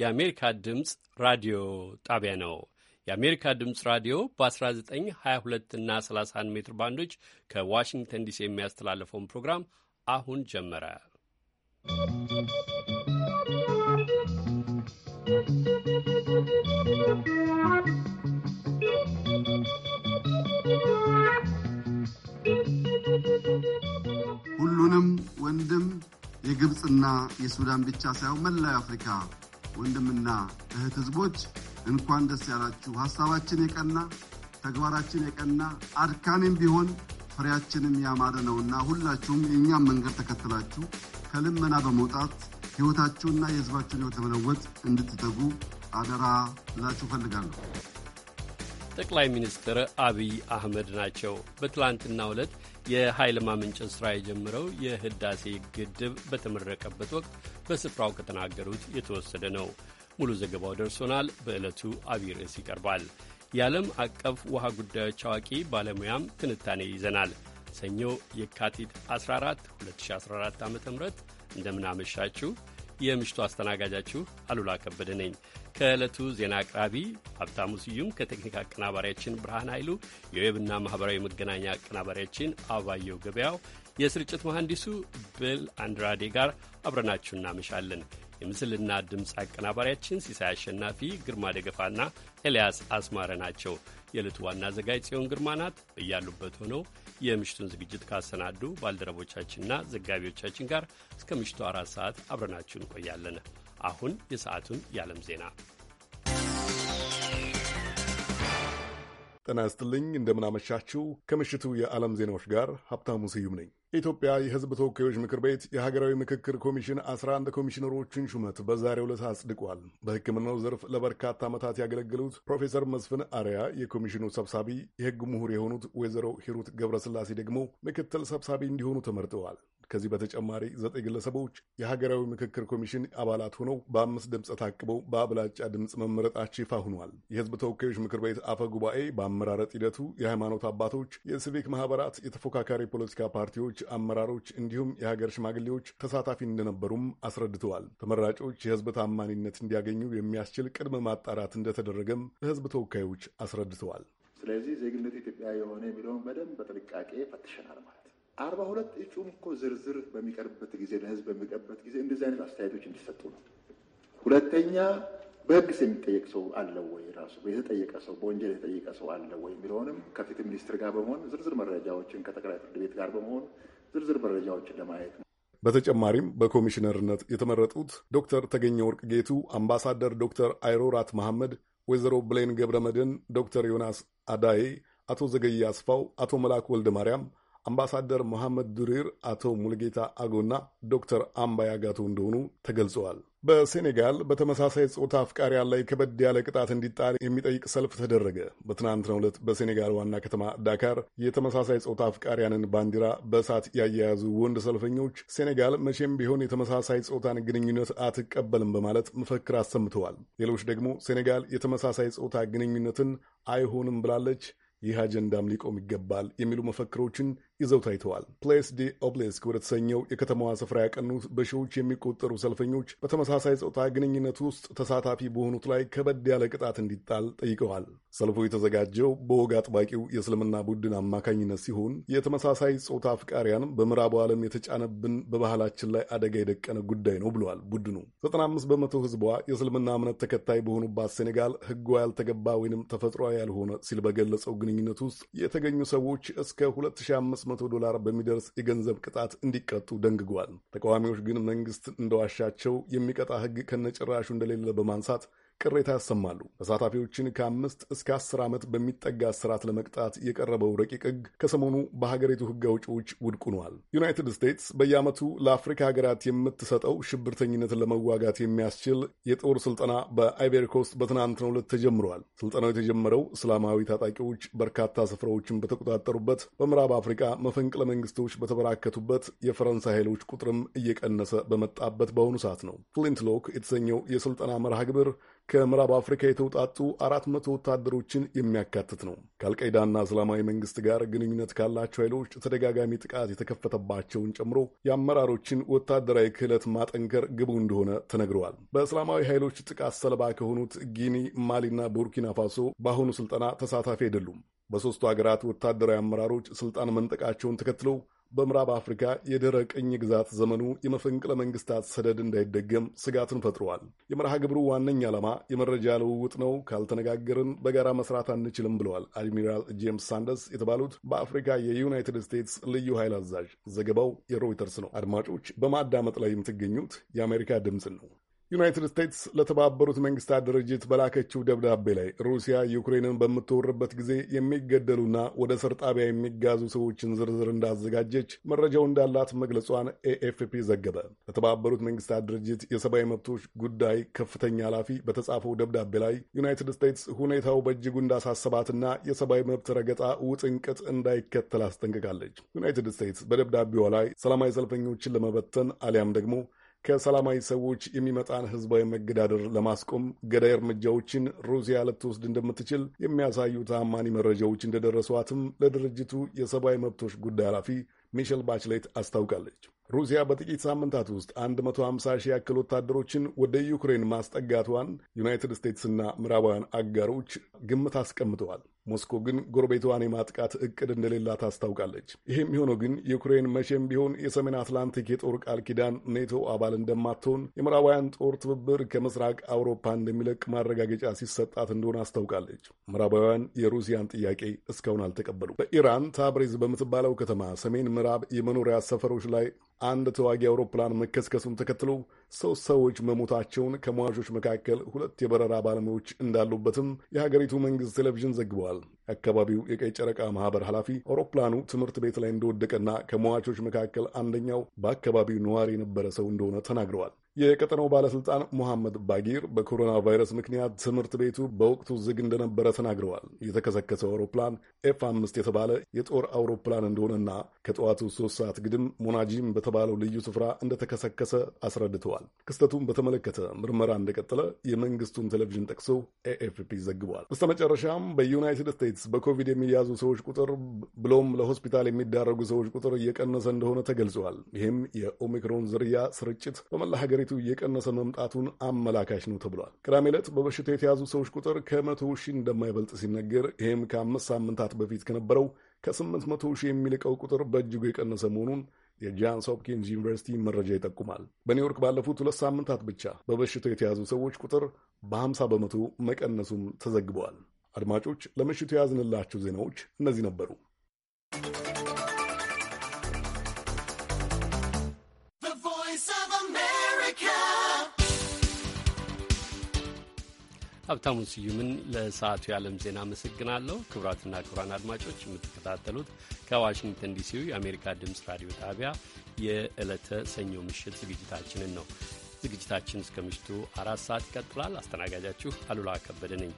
የአሜሪካ ድምፅ ራዲዮ ጣቢያ ነው። የአሜሪካ ድምፅ ራዲዮ በ1922 እና 31 ሜትር ባንዶች ከዋሽንግተን ዲሲ የሚያስተላለፈውን ፕሮግራም አሁን ጀመረ። ሁሉንም ወንድም የግብፅና የሱዳን ብቻ ሳይሆን መላው አፍሪካ ወንድምና እህት ህዝቦች እንኳን ደስ ያላችሁ። ሀሳባችን የቀና ተግባራችን የቀና አድካሚም ቢሆን ፍሬያችንም ያማረ ነውና ሁላችሁም የእኛም መንገድ ተከትላችሁ ከልመና በመውጣት ሕይወታችሁና የህዝባችሁን ሕይወት ለመለወጥ እንድትተጉ አደራ ላችሁ ፈልጋለሁ። ጠቅላይ ሚኒስትር አብይ አህመድ ናቸው። በትላንትና ዕለት የኃይል ማመንጨት ሥራ የጀመረው የህዳሴ ግድብ በተመረቀበት ወቅት በስፍራው ከተናገሩት የተወሰደ ነው። ሙሉ ዘገባው ደርሶናል። በዕለቱ አብይ ርዕስ ይቀርባል። የዓለም አቀፍ ውሃ ጉዳዮች አዋቂ ባለሙያም ትንታኔ ይዘናል። ሰኞ የካቲት 14 2014 ዓ ም እንደምናመሻችሁ የምሽቱ አስተናጋጃችሁ አሉላ ከበደ ነኝ። ከዕለቱ ዜና አቅራቢ ሀብታሙ ስዩም፣ ከቴክኒክ አቀናባሪያችን ብርሃን ኃይሉ፣ የዌብና ማኅበራዊ መገናኛ አቀናባሪያችን አባየው ገበያው፣ የስርጭት መሐንዲሱ ብል አንድራዴ ጋር አብረናችሁ እናመሻለን። የምስልና ድምፅ አቀናባሪያችን ሲሳይ አሸናፊ፣ ግርማ ደገፋና ኤልያስ አስማረ ናቸው። የዕለቱ ዋና አዘጋጅ ጽዮን ግርማ ናት። እያሉበት ሆነው የምሽቱን ዝግጅት ካሰናዱ ባልደረቦቻችንና ዘጋቢዎቻችን ጋር እስከ ምሽቱ አራት ሰዓት አብረናችሁ እንቆያለን። አሁን የሰዓቱን የዓለም ዜና ጤና ይስጥልኝ። እንደምናመሻችሁ። ከምሽቱ የዓለም ዜናዎች ጋር ሀብታሙ ስዩም ነኝ። የኢትዮጵያ የሕዝብ ተወካዮች ምክር ቤት የሀገራዊ ምክክር ኮሚሽን 11 ኮሚሽነሮችን ሹመት በዛሬው ዕለት አጽድቋል። በሕክምናው ዘርፍ ለበርካታ ዓመታት ያገለገሉት ፕሮፌሰር መስፍን አሪያ የኮሚሽኑ ሰብሳቢ፣ የሕግ ምሁር የሆኑት ወይዘሮ ሂሩት ገብረስላሴ ደግሞ ምክትል ሰብሳቢ እንዲሆኑ ተመርጠዋል። ከዚህ በተጨማሪ ዘጠኝ ግለሰቦች የሀገራዊ ምክክር ኮሚሽን አባላት ሆነው በአምስት ድምፅ ታቅበው በአብላጫ ድምፅ መመረጣቸው ይፋ ሆኗል። የህዝብ ተወካዮች ምክር ቤት አፈ ጉባኤ በአመራረጥ ሂደቱ የሃይማኖት አባቶች፣ የሲቪክ ማህበራት፣ የተፎካካሪ ፖለቲካ ፓርቲዎች ሌሎች አመራሮች እንዲሁም የሀገር ሽማግሌዎች ተሳታፊ እንደነበሩም አስረድተዋል። ተመራጮች የህዝብ ታማኒነት እንዲያገኙ የሚያስችል ቅድመ ማጣራት እንደተደረገም ለህዝብ ተወካዮች አስረድተዋል። ስለዚህ ዜግነት ኢትዮጵያ የሆነ የሚለውን በደንብ በጥንቃቄ ፈትሸናል ማለት ነው። አርባ ሁለት እጩም እኮ ዝርዝር በሚቀርብበት ጊዜ ለህዝብ በሚቀርብበት ጊዜ እንደዚህ አይነት አስተያየቶች እንዲሰጡ ነው። ሁለተኛ በሕግስ የሚጠየቅ ሰው አለ ወይ? ራሱ የተጠየቀ ሰው በወንጀል የተጠየቀ ሰው አለ ወይ የሚለውንም ከፍትህ ሚኒስትር ጋር በመሆን ዝርዝር መረጃዎችን ከጠቅላይ ፍርድ ቤት ጋር በመሆን ዝርዝር መረጃዎችን ለማየት ነው። በተጨማሪም በኮሚሽነርነት የተመረጡት ዶክተር ተገኘ ወርቅ ጌቱ፣ አምባሳደር ዶክተር አይሮራት መሐመድ፣ ወይዘሮ ብሌን ገብረ መድን፣ ዶክተር ዮናስ አዳዬ፣ አቶ ዘገየ አስፋው፣ አቶ መላክ ወልደ ማርያም አምባሳደር መሐመድ ዱሪር፣ አቶ ሙልጌታ አጎና ዶክተር አምባይ አጋቶ እንደሆኑ ተገልጸዋል። በሴኔጋል በተመሳሳይ ጾታ አፍቃሪያን ላይ ከበድ ያለ ቅጣት እንዲጣል የሚጠይቅ ሰልፍ ተደረገ። በትናንትናው ዕለት በሴኔጋል ዋና ከተማ ዳካር የተመሳሳይ ጾታ አፍቃሪያንን ባንዲራ በእሳት ያያያዙ ወንድ ሰልፈኞች ሴኔጋል መቼም ቢሆን የተመሳሳይ ጾታን ግንኙነት አትቀበልም በማለት መፈክር አሰምተዋል። ሌሎች ደግሞ ሴኔጋል የተመሳሳይ ጾታ ግንኙነትን አይሆንም ብላለች፣ ይህ አጀንዳም ሊቆም ይገባል የሚሉ መፈክሮችን ይዘው ታይተዋል። ፕሌስ ዲ ኦብሌስክ ወደተሰኘው የከተማዋ ስፍራ ያቀኑት በሺዎች የሚቆጠሩ ሰልፈኞች በተመሳሳይ ጾታ ግንኙነት ውስጥ ተሳታፊ በሆኑት ላይ ከበድ ያለ ቅጣት እንዲጣል ጠይቀዋል። ሰልፉ የተዘጋጀው በወግ አጥባቂው የእስልምና ቡድን አማካኝነት ሲሆን የተመሳሳይ ጾታ አፍቃሪያን በምዕራቡ ዓለም የተጫነብን በባህላችን ላይ አደጋ የደቀነ ጉዳይ ነው ብለዋል። ቡድኑ 95 በመቶ ህዝቧ የእስልምና እምነት ተከታይ በሆኑባት ሴኔጋል ህጓ ያልተገባ ወይንም ተፈጥሯ ያልሆነ ሲል በገለጸው ግንኙነት ውስጥ የተገኙ ሰዎች እስከ 205 500 ዶላር በሚደርስ የገንዘብ ቅጣት እንዲቀጡ ደንግጓል። ተቃዋሚዎች ግን መንግስት እንደዋሻቸው የሚቀጣ ህግ ከነጭራሹ እንደሌለ በማንሳት ቅሬታ ያሰማሉ። ተሳታፊዎችን ከአምስት እስከ አስር ዓመት በሚጠጋ እስራት ለመቅጣት የቀረበው ረቂቅ ሕግ ከሰሞኑ በሀገሪቱ ሕግ አውጪዎች ውድቅ ሆኗል። ዩናይትድ ስቴትስ በየዓመቱ ለአፍሪካ ሀገራት የምትሰጠው ሽብርተኝነትን ለመዋጋት የሚያስችል የጦር ስልጠና በአይቬሪኮስት በትናንትናው ዕለት ተጀምሯል። ስልጠናው የተጀመረው እስላማዊ ታጣቂዎች በርካታ ስፍራዎችን በተቆጣጠሩበት በምዕራብ አፍሪካ መፈንቅለ መንግስቶች በተበራከቱበት የፈረንሳይ ኃይሎች ቁጥርም እየቀነሰ በመጣበት በአሁኑ ሰዓት ነው። ፍሊንት ሎክ የተሰኘው የስልጠና መርሃ ግብር ከምዕራብ አፍሪካ የተውጣጡ አራት መቶ ወታደሮችን የሚያካትት ነው። ከአልቃይዳና እስላማዊ መንግስት ጋር ግንኙነት ካላቸው ኃይሎች ተደጋጋሚ ጥቃት የተከፈተባቸውን ጨምሮ የአመራሮችን ወታደራዊ ክህለት ማጠንከር ግቡ እንደሆነ ተነግረዋል። በእስላማዊ ኃይሎች ጥቃት ሰለባ ከሆኑት ጊኒ፣ ማሊና ቡርኪና ፋሶ በአሁኑ ስልጠና ተሳታፊ አይደሉም። በሦስቱ ሀገራት ወታደራዊ አመራሮች ስልጣን መንጠቃቸውን ተከትለው በምዕራብ አፍሪካ የድኅረ ቅኝ ግዛት ዘመኑ የመፈንቅለ መንግስታት ሰደድ እንዳይደገም ስጋትን ፈጥረዋል። የመርሃ ግብሩ ዋነኛ ዓላማ የመረጃ ልውውጥ ነው፣ ካልተነጋገርን በጋራ መስራት አንችልም ብለዋል አድሚራል ጄምስ ሳንደርስ የተባሉት በአፍሪካ የዩናይትድ ስቴትስ ልዩ ኃይል አዛዥ። ዘገባው የሮይተርስ ነው። አድማጮች፣ በማዳመጥ ላይ የምትገኙት የአሜሪካ ድምፅን ነው። ዩናይትድ ስቴትስ ለተባበሩት መንግስታት ድርጅት በላከችው ደብዳቤ ላይ ሩሲያ ዩክሬንን በምትወርበት ጊዜ የሚገደሉና ወደ እስር ጣቢያ የሚጋዙ ሰዎችን ዝርዝር እንዳዘጋጀች መረጃው እንዳላት መግለጿን ኤኤፍፒ ዘገበ። ለተባበሩት መንግስታት ድርጅት የሰብአዊ መብቶች ጉዳይ ከፍተኛ ኃላፊ በተጻፈው ደብዳቤ ላይ ዩናይትድ ስቴትስ ሁኔታው በእጅጉ እንዳሳሰባትና የሰብአዊ መብት ረገጣ ውጥንቅጥ እንዳይከተል አስጠንቅቃለች። ዩናይትድ ስቴትስ በደብዳቤዋ ላይ ሰላማዊ ሰልፈኞችን ለመበተን አሊያም ደግሞ ከሰላማዊ ሰዎች የሚመጣን ህዝባዊ መገዳደር ለማስቆም ገዳይ እርምጃዎችን ሩሲያ ልትወስድ እንደምትችል የሚያሳዩ ታማኒ መረጃዎች እንደደረሷትም ለድርጅቱ የሰብአዊ መብቶች ጉዳይ ኃላፊ ሚሸል ባችሌት አስታውቃለች። ሩሲያ በጥቂት ሳምንታት ውስጥ 150 ሺህ ያክል ወታደሮችን ወደ ዩክሬን ማስጠጋቷን ዩናይትድ ስቴትስና ምዕራባውያን አጋሮች ግምት አስቀምጠዋል። ሞስኮ ግን ጎረቤቷን የማጥቃት እቅድ እንደሌላት አስታውቃለች። ይህም የሆነው ግን ዩክሬን መቼም ቢሆን የሰሜን አትላንቲክ የጦር ቃል ኪዳን ኔቶ አባል እንደማትሆን የምዕራባውያን ጦር ትብብር ከምስራቅ አውሮፓ እንደሚለቅ ማረጋገጫ ሲሰጣት እንደሆነ አስታውቃለች። ምዕራባውያን የሩሲያን ጥያቄ እስካሁን አልተቀበሉም። በኢራን ታብሬዝ በምትባለው ከተማ ሰሜን ምዕራብ የመኖሪያ ሰፈሮች ላይ አንድ ተዋጊ አውሮፕላን መከስከሱን ተከትሎ ሶስት ሰዎች መሞታቸውን ከሟቾች መካከል ሁለት የበረራ ባለሙያዎች እንዳሉበትም የሀገሪቱ መንግስት ቴሌቪዥን ዘግበዋል። የአካባቢው የቀይ ጨረቃ ማህበር ኃላፊ አውሮፕላኑ ትምህርት ቤት ላይ እንደወደቀና ከሟቾች መካከል አንደኛው በአካባቢው ነዋሪ የነበረ ሰው እንደሆነ ተናግረዋል። የቀጠናው ባለስልጣን ሞሐመድ ባጊር በኮሮና ቫይረስ ምክንያት ትምህርት ቤቱ በወቅቱ ዝግ እንደነበረ ተናግረዋል። የተከሰከሰው አውሮፕላን ኤፍ አምስት የተባለ የጦር አውሮፕላን እንደሆነና ከጠዋቱ ሶስት ሰዓት ግድም ሞናጂም በተባለው ልዩ ስፍራ እንደተከሰከሰ አስረድተዋል። ክስተቱን በተመለከተ ምርመራ እንደቀጠለ የመንግስቱን ቴሌቪዥን ጠቅሶ ኤኤፍፒ ዘግቧል። በስተመጨረሻም በዩናይትድ ስቴትስ በኮቪድ የሚያዙ ሰዎች ቁጥር ብሎም ለሆስፒታል የሚዳረጉ ሰዎች ቁጥር እየቀነሰ እንደሆነ ተገልጿል። ይህም የኦሚክሮን ዝርያ ስርጭት በመላ ሀገሪቱ በሀገሪቱ እየቀነሰ መምጣቱን አመላካች ነው ተብሏል። ቅዳሜ ዕለት በበሽታ የተያዙ ሰዎች ቁጥር ከመቶ ሺህ እንደማይበልጥ ሲነገር ይህም ከአምስት ሳምንታት በፊት ከነበረው ከስምንት መቶ ሺህ የሚልቀው ቁጥር በእጅጉ የቀነሰ መሆኑን የጃንስ ሆፕኪንስ ዩኒቨርሲቲ መረጃ ይጠቁማል። በኒውዮርክ ባለፉት ሁለት ሳምንታት ብቻ በበሽታው የተያዙ ሰዎች ቁጥር በ50 በመቶ መቀነሱም ተዘግበዋል። አድማጮች፣ ለምሽቱ የያዝንላቸው ዜናዎች እነዚህ ነበሩ። ሀብታሙን ስዩምን ለሰዓቱ የዓለም ዜና አመሰግናለሁ። ክቡራትና ክቡራን አድማጮች የምትከታተሉት ከዋሽንግተን ዲሲው የአሜሪካ ድምፅ ራዲዮ ጣቢያ የዕለተ ሰኞ ምሽት ዝግጅታችንን ነው። ዝግጅታችን እስከ ምሽቱ አራት ሰዓት ይቀጥላል። አስተናጋጃችሁ አሉላ ከበደ ነኝ።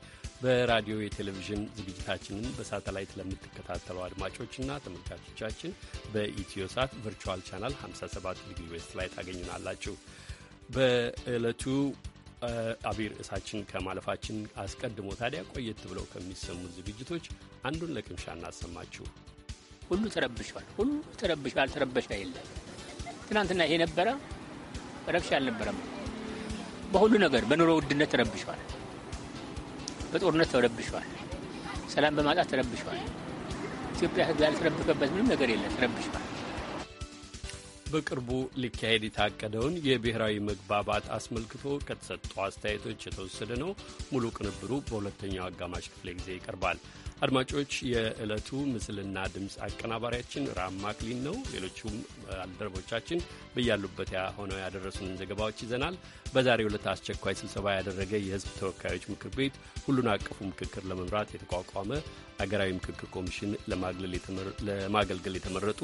በራዲዮ የቴሌቪዥን ዝግጅታችንን በሳተላይት ለምትከታተሉ አድማጮችና ተመልካቾቻችን በኢትዮ ሳት ቨርቹዋል ቻናል 57 ዲግሪ ዌስት ላይ ታገኙናላችሁ። በዕለቱ አቢር ርዕሳችን ከማለፋችን አስቀድሞ ታዲያ ቆየት ብለው ከሚሰሙ ዝግጅቶች አንዱን ለቅምሻ እናሰማችሁ። ሁሉ ተረብሿል፣ ሁሉ ተረብሿል። ተረበሻ የለም። ትናንትና ይሄ ነበረ፣ ረብሻ አልነበረም። በሁሉ ነገር በኑሮ ውድነት ተረብሿል፣ በጦርነት ተረብሿል፣ ሰላም በማጣት ተረብሿል። ኢትዮጵያ ሕዝብ ያልተረበከበት ምንም ነገር የለም። ተረብሿል። በቅርቡ ሊካሄድ የታቀደውን የብሔራዊ መግባባት አስመልክቶ ከተሰጡ አስተያየቶች የተወሰደ ነው። ሙሉ ቅንብሩ በሁለተኛው አጋማሽ ክፍለ ጊዜ ይቀርባል። አድማጮች የዕለቱ ምስልና ድምፅ አቀናባሪያችን ራም ማክሊን ነው። ሌሎቹም ባልደረቦቻችን በያሉበት ሆነው ያደረሱን ዘገባዎች ይዘናል። በዛሬ ዕለት አስቸኳይ ስብሰባ ያደረገ የሕዝብ ተወካዮች ምክር ቤት ሁሉን አቀፉ ምክክር ለመምራት የተቋቋመ አገራዊ ምክክር ኮሚሽን ለማገልገል የተመረጡ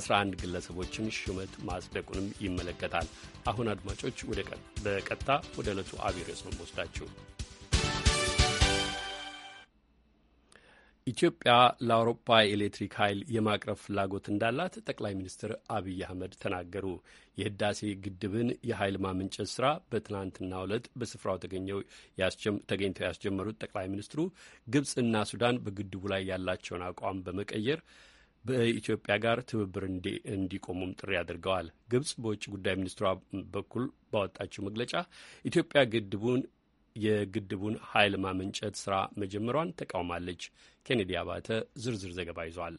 11 ግለሰቦችን ሹመት ማጽደቁንም ይመለከታል። አሁን አድማጮች በቀጥታ ወደ ዕለቱ አብይ ርዕስ ነው የምወስዳችሁ። ኢትዮጵያ ለአውሮፓ የኤሌክትሪክ ኃይል የማቅረብ ፍላጎት እንዳላት ጠቅላይ ሚኒስትር አብይ አህመድ ተናገሩ። የህዳሴ ግድብን የኃይል ማመንጨት ስራ በትናንትናው ዕለት በስፍራው ተገኘው ተገኝተው ያስጀመሩት ጠቅላይ ሚኒስትሩ ግብፅና ሱዳን በግድቡ ላይ ያላቸውን አቋም በመቀየር በኢትዮጵያ ጋር ትብብር እንዲቆሙም ጥሪ አድርገዋል። ግብፅ በውጭ ጉዳይ ሚኒስትሯ በኩል ባወጣችው መግለጫ ኢትዮጵያ ግድቡን የግድቡን ኃይል ማመንጨት ስራ መጀመሯን ተቃውማለች። ኬኔዲ አባተ ዝርዝር ዘገባ ይዟል።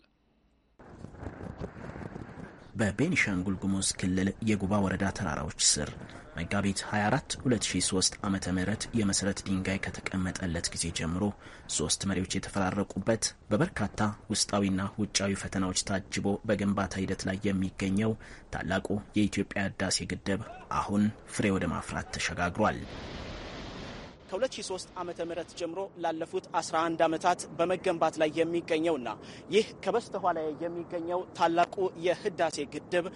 በቤኒሻንጉል ጉሙዝ ክልል የጉባ ወረዳ ተራራዎች ስር መጋቢት 24 2003 ዓ ም የመሠረት ድንጋይ ከተቀመጠለት ጊዜ ጀምሮ ሦስት መሪዎች የተፈራረቁበት በበርካታ ውስጣዊና ውጫዊ ፈተናዎች ታጅቦ በግንባታ ሂደት ላይ የሚገኘው ታላቁ የኢትዮጵያ ህዳሴ ግድብ አሁን ፍሬ ወደ ማፍራት ተሸጋግሯል። ከ2003 ዓ ም ጀምሮ ላለፉት 11 ዓመታት በመገንባት ላይ የሚገኘውና ይህ ከበስተኋላ የሚገኘው ታላቁ የህዳሴ ግድብ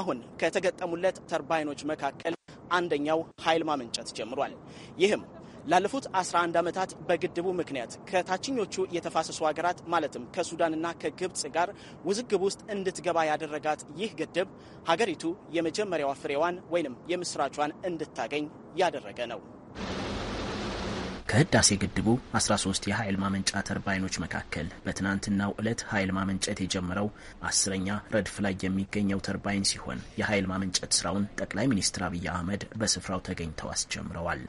አሁን ከተገጠሙለት ተርባይኖች መካከል አንደኛው ኃይል ማመንጨት ጀምሯል። ይህም ላለፉት 11 ዓመታት በግድቡ ምክንያት ከታችኞቹ የተፋሰሱ ሀገራት ማለትም ከሱዳንና ከግብፅ ጋር ውዝግብ ውስጥ እንድትገባ ያደረጋት ይህ ግድብ ሀገሪቱ የመጀመሪያዋ ፍሬዋን ወይንም የምስራቿን እንድታገኝ ያደረገ ነው። ከህዳሴ ግድቡ 13 የኃይል ማመንጫ ተርባይኖች መካከል በትናንትናው ዕለት ኃይል ማመንጨት የጀመረው አስረኛ ረድፍ ላይ የሚገኘው ተርባይን ሲሆን የኃይል ማመንጨት ስራውን ጠቅላይ ሚኒስትር አብይ አህመድ በስፍራው ተገኝተው አስጀምረዋል።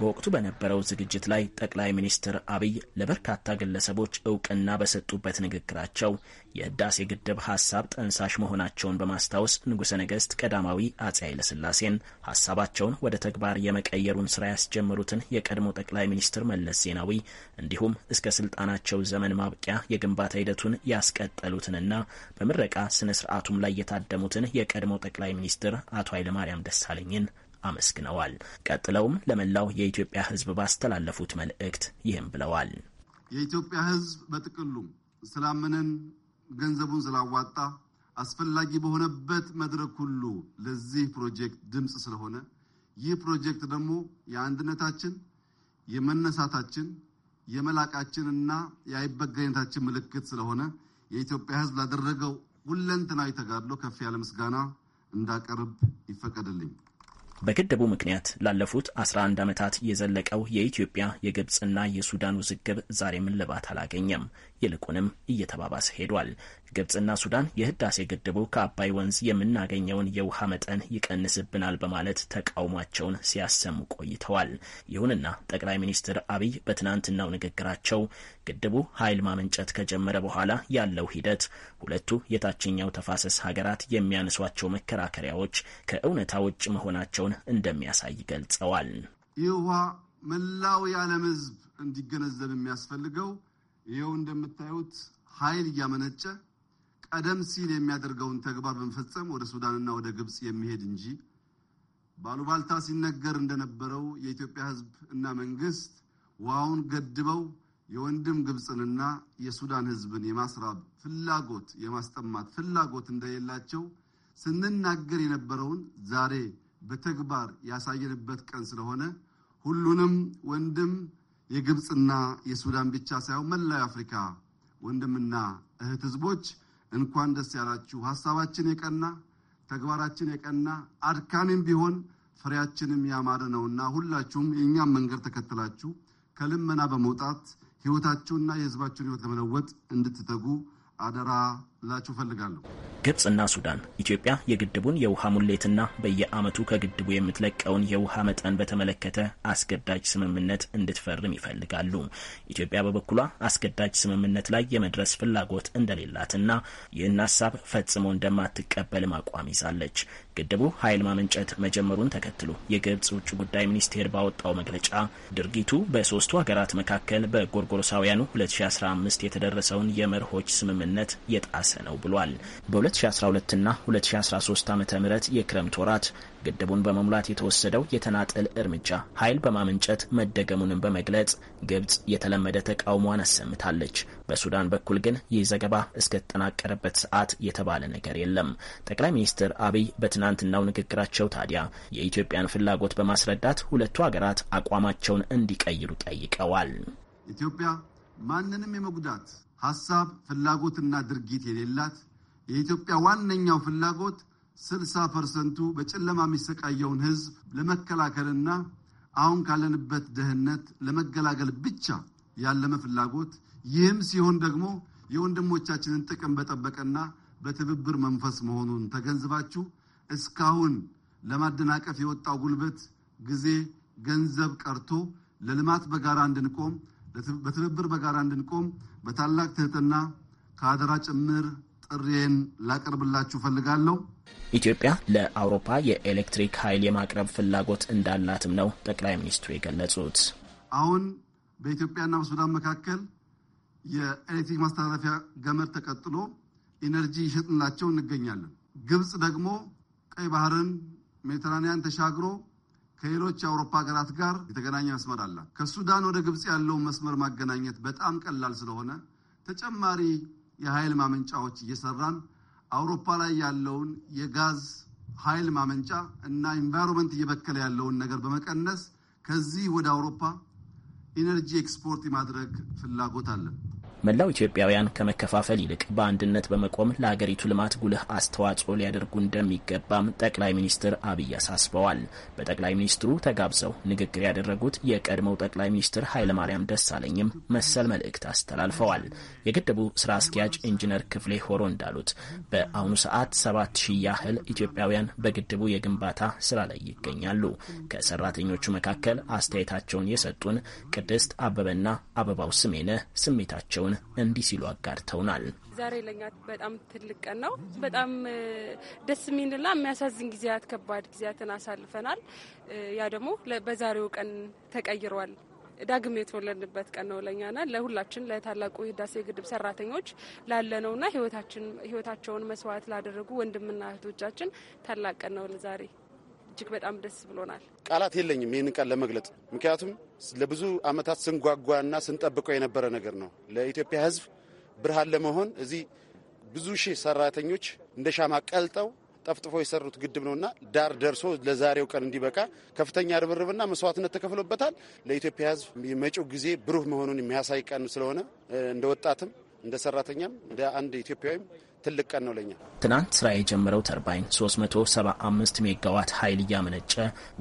በወቅቱ በነበረው ዝግጅት ላይ ጠቅላይ ሚኒስትር አብይ ለበርካታ ግለሰቦች እውቅና በሰጡበት ንግግራቸው የህዳሴ ግድብ ሀሳብ ጠንሳሽ መሆናቸውን በማስታወስ ንጉሠ ነገሥት ቀዳማዊ አጼ ኃይለሥላሴን ሀሳባቸውን ወደ ተግባር የመቀየሩን ስራ ያስጀመሩትን የቀድሞ ጠቅላይ ሚኒስትር መለስ ዜናዊ እንዲሁም እስከ ስልጣናቸው ዘመን ማብቂያ የግንባታ ሂደቱን ያስቀጠሉትንና በምረቃ ስነ ስርዓቱም ላይ የታደሙትን የቀድሞ ጠቅላይ ሚኒስትር አቶ ኃይለማርያም ደሳለኝን አመስግነዋል። ቀጥለውም ለመላው የኢትዮጵያ ሕዝብ ባስተላለፉት መልእክት ይህም ብለዋል። የኢትዮጵያ ሕዝብ በጥቅሉ ስላመነን፣ ገንዘቡን ስላዋጣ፣ አስፈላጊ በሆነበት መድረክ ሁሉ ለዚህ ፕሮጀክት ድምፅ ስለሆነ ይህ ፕሮጀክት ደግሞ የአንድነታችን የመነሳታችን የመላቃችንና የአይበገኝነታችን ምልክት ስለሆነ የኢትዮጵያ ሕዝብ ላደረገው ሁለንትናዊ ተጋድሎ ከፍ ያለ ምስጋና እንዳቀርብ ይፈቀድልኝ። በግድቡ ምክንያት ላለፉት 11 ዓመታት የዘለቀው የኢትዮጵያ የግብፅና የሱዳን ውዝግብ ዛሬ እልባት አላገኘም። ይልቁንም እየተባባሰ ሄዷል። ግብጽና ሱዳን የህዳሴ ግድቡ ከአባይ ወንዝ የምናገኘውን የውሃ መጠን ይቀንስብናል በማለት ተቃውሟቸውን ሲያሰሙ ቆይተዋል። ይሁንና ጠቅላይ ሚኒስትር አብይ በትናንትናው ንግግራቸው ግድቡ ኃይል ማመንጨት ከጀመረ በኋላ ያለው ሂደት ሁለቱ የታችኛው ተፋሰስ ሀገራት የሚያነሷቸው መከራከሪያዎች ከእውነታ ውጭ መሆናቸውን እንደሚያሳይ ገልጸዋል። ይህ ውሃ መላው የዓለም ህዝብ እንዲገነዘብ የሚያስፈልገው ይኸው እንደምታዩት ኃይል እያመነጨ ቀደም ሲል የሚያደርገውን ተግባር በመፈጸም ወደ ሱዳንና ወደ ግብፅ የሚሄድ እንጂ ባሉባልታ ሲነገር እንደነበረው የኢትዮጵያ ሕዝብ እና መንግስት ውሃውን ገድበው የወንድም ግብፅንና የሱዳን ሕዝብን የማስራብ ፍላጎት የማስጠማት ፍላጎት እንደሌላቸው ስንናገር የነበረውን ዛሬ በተግባር ያሳየንበት ቀን ስለሆነ ሁሉንም ወንድም የግብፅና የሱዳን ብቻ ሳይሆን መላው አፍሪካ ወንድምና እህት ህዝቦች እንኳን ደስ ያላችሁ። ሀሳባችን የቀና ተግባራችን የቀና አድካሚም ቢሆን ፍሬያችንም ያማረ ነውና ሁላችሁም የእኛም መንገድ ተከትላችሁ ከልመና በመውጣት ህይወታችሁና የህዝባችሁን ህይወት ለመለወጥ እንድትተጉ አደራ ላችሁ ፈልጋለሁ። ግብጽና ሱዳን ኢትዮጵያ የግድቡን የውሃ ሙሌትና በየዓመቱ ከግድቡ የምትለቀውን የውሃ መጠን በተመለከተ አስገዳጅ ስምምነት እንድትፈርም ይፈልጋሉ። ኢትዮጵያ በበኩሏ አስገዳጅ ስምምነት ላይ የመድረስ ፍላጎት እንደሌላትና ይህን ሀሳብ ፈጽሞ እንደማትቀበልም አቋም ይዛለች። ግድቡ ኃይል ማመንጨት መጀመሩን ተከትሎ የግብጽ ውጭ ጉዳይ ሚኒስቴር ባወጣው መግለጫ ድርጊቱ በሶስቱ ሀገራት መካከል በጎርጎሮሳውያኑ 2015 የተደረሰውን የመርሆች ስምምነት የጣሰ የባሰ ነው ብሏል። በ2012ና 2013 ዓ ም የክረምት ወራት ግድቡን በመሙላት የተወሰደው የተናጠል እርምጃ ኃይል በማመንጨት መደገሙንም በመግለጽ ግብጽ የተለመደ ተቃውሟን አሰምታለች። በሱዳን በኩል ግን ይህ ዘገባ እስከተጠናቀረበት ሰዓት የተባለ ነገር የለም። ጠቅላይ ሚኒስትር አብይ በትናንትናው ንግግራቸው ታዲያ የኢትዮጵያን ፍላጎት በማስረዳት ሁለቱ ሀገራት አቋማቸውን እንዲቀይሩ ጠይቀዋል። ኢትዮጵያ ማንንም የመጉዳት ሀሳብ ፍላጎትና ድርጊት የሌላት የኢትዮጵያ ዋነኛው ፍላጎት 60 ፐርሰንቱ በጨለማ የሚሰቃየውን ህዝብ ለመከላከልና አሁን ካለንበት ደህንነት ለመገላገል ብቻ ያለመ ፍላጎት ይህም ሲሆን ደግሞ የወንድሞቻችንን ጥቅም በጠበቀና በትብብር መንፈስ መሆኑን ተገንዝባችሁ እስካሁን ለማደናቀፍ የወጣው ጉልበት፣ ጊዜ፣ ገንዘብ ቀርቶ ለልማት በጋራ እንድንቆም በትብብር በጋራ እንድንቆም በታላቅ ትህትና ከአደራ ጭምር ጥሬን ላቀርብላችሁ ፈልጋለሁ። ኢትዮጵያ ለአውሮፓ የኤሌክትሪክ ኃይል የማቅረብ ፍላጎት እንዳላትም ነው ጠቅላይ ሚኒስትሩ የገለጹት። አሁን በኢትዮጵያና በሱዳን መካከል የኤሌክትሪክ ማስተላለፊያ ገመድ ተቀጥሎ ኢነርጂ ይሸጥንላቸው እንገኛለን። ግብፅ ደግሞ ቀይ ባህርን ሜዲትራኒያን ተሻግሮ ከሌሎች የአውሮፓ ሀገራት ጋር የተገናኘ መስመር አለ። ከሱዳን ወደ ግብፅ ያለውን መስመር ማገናኘት በጣም ቀላል ስለሆነ ተጨማሪ የኃይል ማመንጫዎች እየሰራን አውሮፓ ላይ ያለውን የጋዝ ኃይል ማመንጫ እና ኢንቫይሮንመንት እየበከለ ያለውን ነገር በመቀነስ ከዚህ ወደ አውሮፓ ኢነርጂ ኤክስፖርት የማድረግ ፍላጎት አለን። መላው ኢትዮጵያውያን ከመከፋፈል ይልቅ በአንድነት በመቆም ለሀገሪቱ ልማት ጉልህ አስተዋጽኦ ሊያደርጉ እንደሚገባም ጠቅላይ ሚኒስትር አብይ አሳስበዋል። በጠቅላይ ሚኒስትሩ ተጋብዘው ንግግር ያደረጉት የቀድሞው ጠቅላይ ሚኒስትር ኃይለማርያም ደሳለኝም መሰል መልእክት አስተላልፈዋል። የግድቡ ስራ አስኪያጅ ኢንጂነር ክፍሌ ሆሮ እንዳሉት በአሁኑ ሰዓት ሰባት ሺህ ያህል ኢትዮጵያውያን በግድቡ የግንባታ ስራ ላይ ይገኛሉ። ከሰራተኞቹ መካከል አስተያየታቸውን የሰጡን ቅድስት አበበና አበባው ስሜነ ስሜታቸውን ያላቸውን እንዲህ ሲሉ አጋርተውናል። ዛሬ ለኛ በጣም ትልቅ ቀን ነው። በጣም ደስ የሚልና የሚያሳዝን ጊዜያት፣ ከባድ ጊዜያትን አሳልፈናል። ያ ደግሞ በዛሬው ቀን ተቀይሯል። ዳግም የተወለድንበት ቀን ነው ለእኛና ለሁላችን ለታላቁ የህዳሴ ግድብ ሰራተኞች ላለነውና ህይወታቸውን መስዋዕት ላደረጉ ወንድምና እህቶቻችን ታላቅ ቀን ነው ለዛሬ እጅግ በጣም ደስ ብሎናል። ቃላት የለኝም ይህንን ቃል ለመግለጽ ምክንያቱም ለብዙ ዓመታት ስንጓጓና ስንጠብቀው የነበረ ነገር ነው። ለኢትዮጵያ ሕዝብ ብርሃን ለመሆን እዚህ ብዙ ሺህ ሰራተኞች እንደ ሻማ ቀልጠው ጠፍጥፎ የሰሩት ግድብ ነውና ዳር ደርሶ ለዛሬው ቀን እንዲበቃ ከፍተኛ ርብርብና መስዋዕትነት ተከፍሎበታል። ለኢትዮጵያ ሕዝብ የመጪው ጊዜ ብሩህ መሆኑን የሚያሳይ ቀን ስለሆነ እንደ ወጣትም እንደ ሰራተኛም እንደ አንድ ኢትዮጵያዊም ትልቅ ቀን ነው ለኛ። ትናንት ስራ የጀመረው ተርባይን 375 ሜጋዋት ኃይል እያመነጨ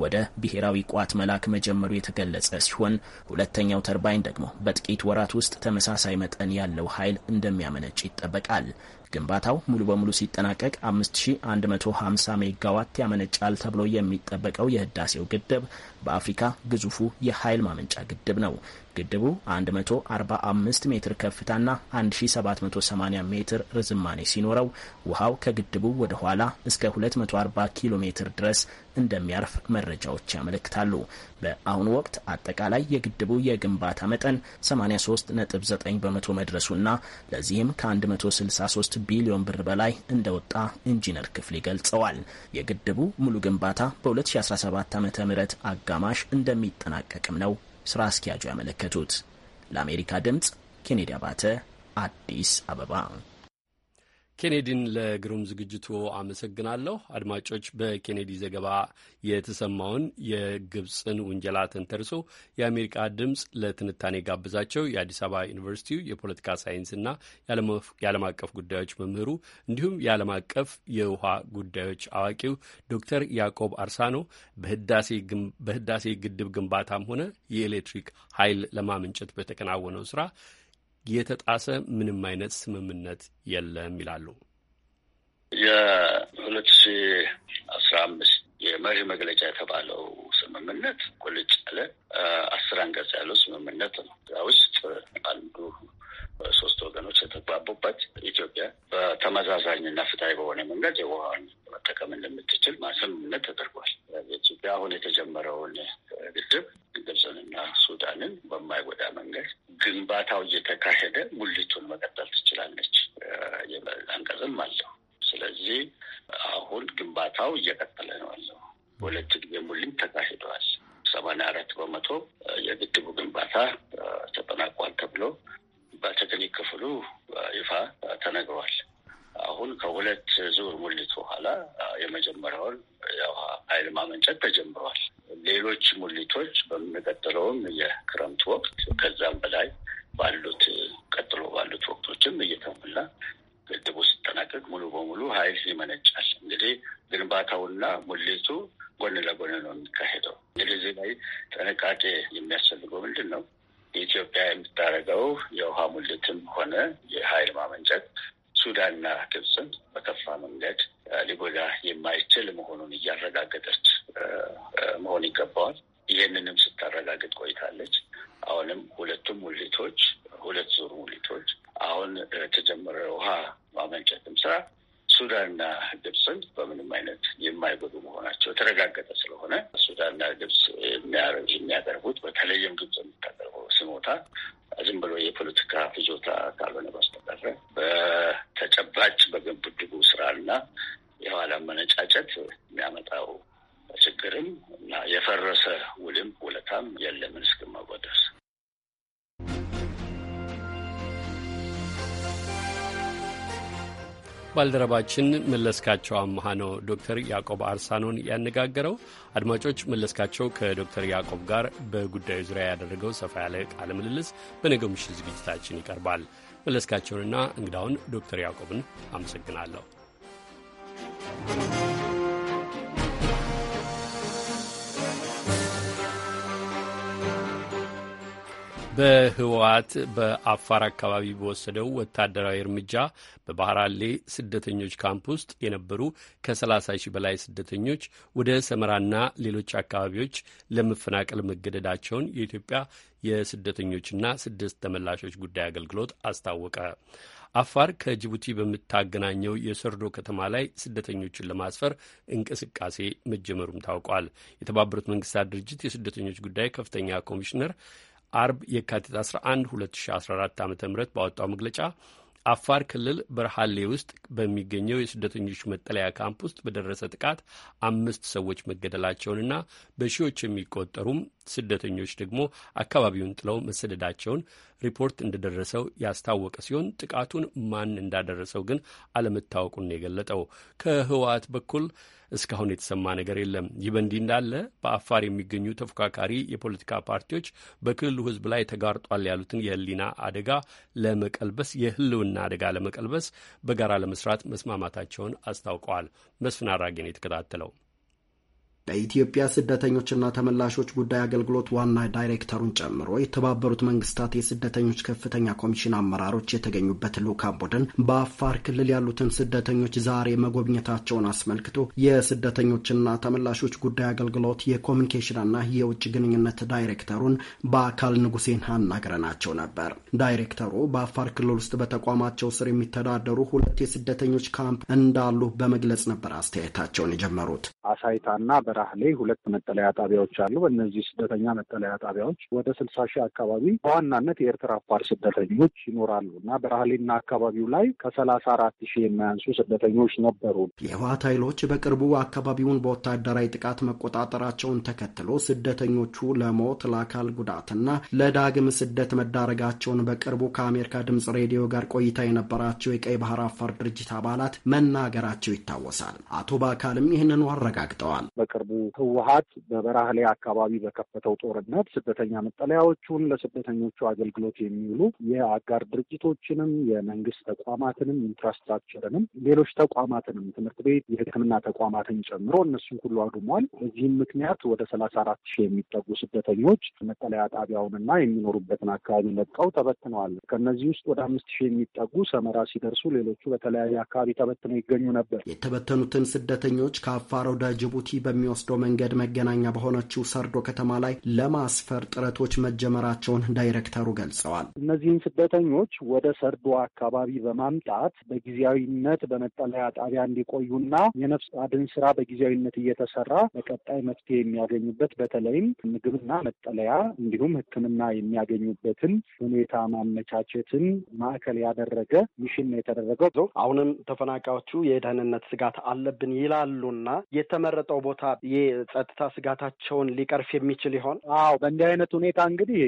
ወደ ብሔራዊ ቋት መላክ መጀመሩ የተገለጸ ሲሆን ሁለተኛው ተርባይን ደግሞ በጥቂት ወራት ውስጥ ተመሳሳይ መጠን ያለው ኃይል እንደሚያመነጭ ይጠበቃል። ግንባታው ሙሉ በሙሉ ሲጠናቀቅ 5150 ሜጋዋት ያመነጫል ተብሎ የሚጠበቀው የህዳሴው ግድብ በአፍሪካ ግዙፉ የኃይል ማመንጫ ግድብ ነው። ግድቡ 145 ሜትር ከፍታና 1780 ሜትር ርዝማኔ ሲኖረው ውሃው ከግድቡ ወደ ኋላ እስከ 240 ኪሎ ሜትር ድረስ እንደሚያርፍ መረጃዎች ያመለክታሉ። በአሁኑ ወቅት አጠቃላይ የግድቡ የግንባታ መጠን 83.9 በመቶ መድረሱና ለዚህም ከ163 ቢሊዮን ብር በላይ እንደወጣ ኢንጂነር ክፍሌ ገልጸዋል። የግድቡ ሙሉ ግንባታ በ2017 ዓ ም አጋማሽ እንደሚጠናቀቅም ነው ስራ አስኪያጁ ያመለከቱት። ለአሜሪካ ድምፅ ኬኔዲ አባተ አዲስ አበባ ኬኔዲን ለግሩም ዝግጅቱ አመሰግናለሁ። አድማጮች በኬኔዲ ዘገባ የተሰማውን የግብፅን ውንጀላ ተንተርሶ የአሜሪካ ድምፅ ለትንታኔ ጋብዛቸው የአዲስ አበባ ዩኒቨርሲቲው የፖለቲካ ሳይንስና የዓለም አቀፍ ጉዳዮች መምህሩ እንዲሁም የዓለም አቀፍ የውሃ ጉዳዮች አዋቂው ዶክተር ያዕቆብ አርሳኖ በህዳሴ ግድብ ግንባታም ሆነ የኤሌክትሪክ ኃይል ለማመንጨት በተከናወነው ስራ የተጣሰ ምንም አይነት ስምምነት የለም ይላሉ። የሁለት ሺ አስራ አምስት የመሪ መግለጫ የተባለው ስምምነት ቁልጭ ያለ አስር አንቀጽ ያለው ስምምነት ነው። እዛ ውስጥ አንዱ ሶስት ወገኖች የተግባቡበት ኢትዮጵያ በተመዛዛኝና ፍትሐዊ በሆነ መንገድ የውሃን መጠቀም እንደምትችል ስምምነት ተደርጓል። ኢትዮጵያ አሁን የተጀመረውን ግድብ ግብፅንና ሱዳንን በማይጎዳ መንገድ ግንባታው እየተካሄደ ሙሊቱን መቀጠል ትችላለች። አንቀጽም አለው። ስለዚህ አሁን ግንባታው እየቀጠለ ነው አለው። ሁለት ጊዜ ሙሊት ተካሂደዋል። ሰማንያ አራት በመቶ የግድቡ ግንባታ ተጠናቋል ተብሎ በቴክኒክ ክፍሉ ይፋ ተነግሯል። አሁን ከሁለት ዙር ሙሊት በኋላ የመጀመሪያውን የውሃ ኃይል ማመንጨት ተጀምሯል። ሌሎች ሙሊቶች በሚቀጥለውም የክረምት ወቅት ከዛም በላይ ባሉት ቀጥሎ ባሉት ወቅቶችም እየተሞላ ግድቡ ሲጠናቀቅ ሙሉ በሙሉ ኃይል ይመነጫል። እንግዲህ ግንባታውና ሙሊቱ ጎን ለጎን ነው የሚካሄደው። እንግዲህ እዚህ ላይ ጥንቃቄ የሚያስፈልገው ምንድን ነው? የኢትዮጵያ የምታደርገው የውሃ ሙሌትም ሆነ የኃይል ማመንጨት ሱዳንና ግብፅን በከፋ መንገድ ሊጎዳ የማይችል መሆኑን እያረጋገጠች መሆን ይገባዋል። ይህንንም ስታረጋግጥ ቆይታለች። አሁንም ሁለቱም ሙሌቶች ሁለት ዙር ሙሌቶች አሁን ተጀመረ ውሃ ማመንጨትም ስራ ሱዳንና ግብፅን በምንም አይነት የማይጎዱ መሆናቸው የተረጋገጠ ስለሆነ ሱዳንና ግብፅ የሚያቀርቡት በተለይም ግብፅ የምታቀርበው ስሞታ ዝም ብሎ የፖለቲካ ፍጆታ ካልሆነ በስተቀር በተጨባጭ በግንብድቡ ስራና የኋላ መነጫጨት የሚያመጣው ችግርም እና የፈረሰ ውልም ውለታም የለምን እስክማወደስ ባልደረባችን መለስካቸው አምሃ ነው ዶክተር ያዕቆብ አርሳኖን ያነጋገረው። አድማጮች፣ መለስካቸው ከዶክተር ያዕቆብ ጋር በጉዳዩ ዙሪያ ያደረገው ሰፋ ያለ ቃለ ምልልስ በነገው ምሽት ዝግጅታችን ይቀርባል። መለስካቸውንና እንግዳውን ዶክተር ያዕቆብን አመሰግናለሁ። በህወሓት በአፋር አካባቢ በወሰደው ወታደራዊ እርምጃ በባህራሌ ስደተኞች ካምፕ ውስጥ የነበሩ ከ30 ሺህ በላይ ስደተኞች ወደ ሰመራና ሌሎች አካባቢዎች ለመፈናቀል መገደዳቸውን የኢትዮጵያ የስደተኞችና ስደት ተመላሾች ጉዳይ አገልግሎት አስታወቀ። አፋር ከጅቡቲ በምታገናኘው የሰርዶ ከተማ ላይ ስደተኞችን ለማስፈር እንቅስቃሴ መጀመሩም ታውቋል። የተባበሩት መንግስታት ድርጅት የስደተኞች ጉዳይ ከፍተኛ ኮሚሽነር አርብ የካቲት 11 2014 ዓ ም ባወጣው መግለጫ አፋር ክልል በርሃሌ ውስጥ በሚገኘው የስደተኞች መጠለያ ካምፕ ውስጥ በደረሰ ጥቃት አምስት ሰዎች መገደላቸውንና በሺዎች የሚቆጠሩም ስደተኞች ደግሞ አካባቢውን ጥለው መሰደዳቸውን ሪፖርት እንደደረሰው ያስታወቀ ሲሆን ጥቃቱን ማን እንዳደረሰው ግን አለመታወቁን የገለጠው ከህወሓት በኩል እስካሁን የተሰማ ነገር የለም። ይህ በእንዲህ እንዳለ በአፋር የሚገኙ ተፎካካሪ የፖለቲካ ፓርቲዎች በክልሉ ህዝብ ላይ ተጋርጧል ያሉትን የህሊና አደጋ ለመቀልበስ የህልውና አደጋ ለመቀልበስ በጋራ ለመስራት መስማማታቸውን አስታውቀዋል። መስፍን አራጌን የተከታተለው። በኢትዮጵያ ስደተኞችና ተመላሾች ጉዳይ አገልግሎት ዋና ዳይሬክተሩን ጨምሮ የተባበሩት መንግስታት የስደተኞች ከፍተኛ ኮሚሽን አመራሮች የተገኙበት ልዑካን ቡድን በአፋር ክልል ያሉትን ስደተኞች ዛሬ መጎብኘታቸውን አስመልክቶ የስደተኞችና ተመላሾች ጉዳይ አገልግሎት የኮሚኒኬሽንና የውጭ ግንኙነት ዳይሬክተሩን በአካል ንጉሴን አናግረናቸው ነበር። ዳይሬክተሩ በአፋር ክልል ውስጥ በተቋማቸው ስር የሚተዳደሩ ሁለት የስደተኞች ካምፕ እንዳሉ በመግለጽ ነበር አስተያየታቸውን የጀመሩት። አሳይታና ራህሌ ሁለት መጠለያ ጣቢያዎች አሉ። በእነዚህ ስደተኛ መጠለያ ጣቢያዎች ወደ ስልሳ ሺህ አካባቢ በዋናነት የኤርትራ አፋር ስደተኞች ይኖራሉ እና በራህሌና አካባቢው ላይ ከሰላሳ አራት ሺህ የማያንሱ ስደተኞች ነበሩ። የህወሓት ኃይሎች በቅርቡ አካባቢውን በወታደራዊ ጥቃት መቆጣጠራቸውን ተከትሎ ስደተኞቹ ለሞት ለአካል ጉዳትና ለዳግም ስደት መዳረጋቸውን በቅርቡ ከአሜሪካ ድምጽ ሬዲዮ ጋር ቆይታ የነበራቸው የቀይ ባህር አፋር ድርጅት አባላት መናገራቸው ይታወሳል። አቶ በአካልም ይህንኑ አረጋግጠዋል። በቅርቡ በቅርቡ ህወሀት በበረሃ ላይ አካባቢ በከፈተው ጦርነት ስደተኛ መጠለያዎቹን ለስደተኞቹ አገልግሎት የሚውሉ የአጋር ድርጅቶችንም የመንግስት ተቋማትንም ኢንፍራስትራክቸርንም ሌሎች ተቋማትንም ትምህርት ቤት፣ የህክምና ተቋማትን ጨምሮ እነሱን ሁሉ አውድሟል። በዚህም ምክንያት ወደ ሰላሳ አራት ሺህ የሚጠጉ ስደተኞች መጠለያ ጣቢያውንና የሚኖሩበትን አካባቢ ለቀው ተበትነዋል። ከእነዚህ ውስጥ ወደ አምስት ሺህ የሚጠጉ ሰመራ ሲደርሱ፣ ሌሎቹ በተለያየ አካባቢ ተበትነው ይገኙ ነበር። የተበተኑትን ስደተኞች ከአፋር ወደ ጅቡቲ በሚወ ወስዶ መንገድ መገናኛ በሆነችው ሰርዶ ከተማ ላይ ለማስፈር ጥረቶች መጀመራቸውን ዳይሬክተሩ ገልጸዋል። እነዚህን ስደተኞች ወደ ሰርዶ አካባቢ በማምጣት በጊዜያዊነት በመጠለያ ጣቢያ እንዲቆዩና የነፍስ አድን ስራ በጊዜያዊነት እየተሰራ በቀጣይ መፍትሄ የሚያገኙበት በተለይም ምግብና መጠለያ እንዲሁም ሕክምና የሚያገኙበትን ሁኔታ ማመቻቸትን ማዕከል ያደረገ ሚሽን ነው የተደረገው። አሁንም ተፈናቃዮቹ የደህንነት ስጋት አለብን ይላሉና የተመረጠው ቦታ የጸጥታ ስጋታቸውን ሊቀርፍ የሚችል ይሆን? አዎ፣ በእንዲህ አይነት ሁኔታ እንግዲህ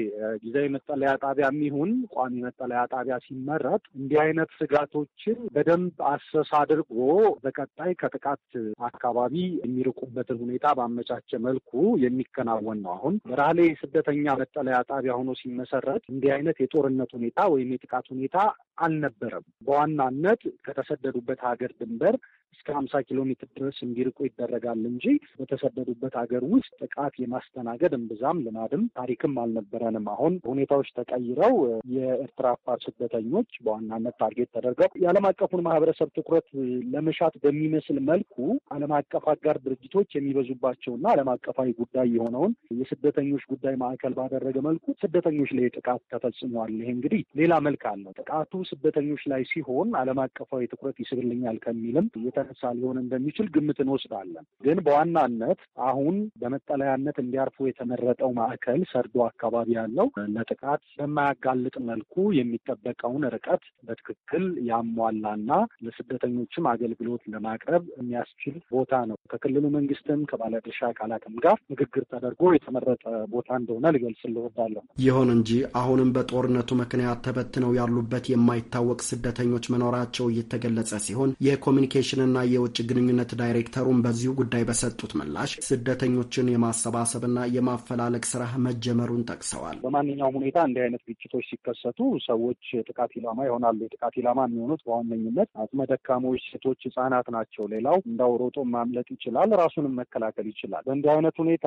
ጊዜያዊ መጠለያ ጣቢያ የሚሆን ቋሚ መጠለያ ጣቢያ ሲመረጥ እንዲህ አይነት ስጋቶችን በደንብ አሰስ አድርጎ በቀጣይ ከጥቃት አካባቢ የሚርቁበትን ሁኔታ ባመቻቸ መልኩ የሚከናወን ነው። አሁን በራሌ ስደተኛ መጠለያ ጣቢያ ሆኖ ሲመሰረት እንዲህ አይነት የጦርነት ሁኔታ ወይም የጥቃት ሁኔታ አልነበረም። በዋናነት ከተሰደዱበት ሀገር ድንበር እስከ ሀምሳ ኪሎ ሜትር ድረስ እንዲርቁ ይደረጋል እንጂ በተሰደዱበት ሀገር ውስጥ ጥቃት የማስተናገድ እምብዛም ልማድም ታሪክም አልነበረንም። አሁን ሁኔታዎች ተቀይረው የኤርትራ አፋር ስደተኞች በዋናነት ታርጌት ተደርገው የዓለም አቀፉን ማህበረሰብ ትኩረት ለመሻት በሚመስል መልኩ ዓለም አቀፍ አጋር ድርጅቶች የሚበዙባቸውና ዓለም አቀፋዊ ጉዳይ የሆነውን የስደተኞች ጉዳይ ማዕከል ባደረገ መልኩ ስደተኞች ላይ ጥቃት ተፈጽሟል። ይሄ እንግዲህ ሌላ መልክ አለው። ጥቃቱ ስደተኞች ላይ ሲሆን ዓለም አቀፋዊ ትኩረት ይስብልኛል ከሚልም የተነሳ ሊሆን እንደሚችል ግምት እንወስዳለን። ግን በዋና በዋናነት አሁን በመጠለያነት እንዲያርፉ የተመረጠው ማዕከል ሰርዶ አካባቢ ያለው ለጥቃት በማያጋልጥ መልኩ የሚጠበቀውን ርቀት በትክክል ያሟላና ለስደተኞችም አገልግሎት ለማቅረብ የሚያስችል ቦታ ነው። ከክልሉ መንግስትም ከባለድርሻ አካላትም ጋር ንግግር ተደርጎ የተመረጠ ቦታ እንደሆነ ልገልጽ ልወዳለሁ። ይሁን እንጂ አሁንም በጦርነቱ ምክንያት ተበትነው ያሉበት የማይታወቅ ስደተኞች መኖራቸው እየተገለጸ ሲሆን የኮሚኒኬሽንና የውጭ ግንኙነት ዳይሬክተሩም በዚሁ ጉዳይ በሰጡት ምላሽ ስደተኞችን የማሰባሰብና የማፈላለግ ስራ መጀመሩን ጠቅሰዋል። በማንኛውም ሁኔታ እንዲህ አይነት ግጭቶች ሲከሰቱ ሰዎች ጥቃት ኢላማ ይሆናሉ። የጥቃት ኢላማ የሚሆኑት በዋነኝነት አቅመ ደካሞች፣ ሴቶች፣ ህጻናት ናቸው። ሌላው እንዳው ሮጦ ማምለጥ ይችላል፣ ራሱንም መከላከል ይችላል። በእንዲህ አይነት ሁኔታ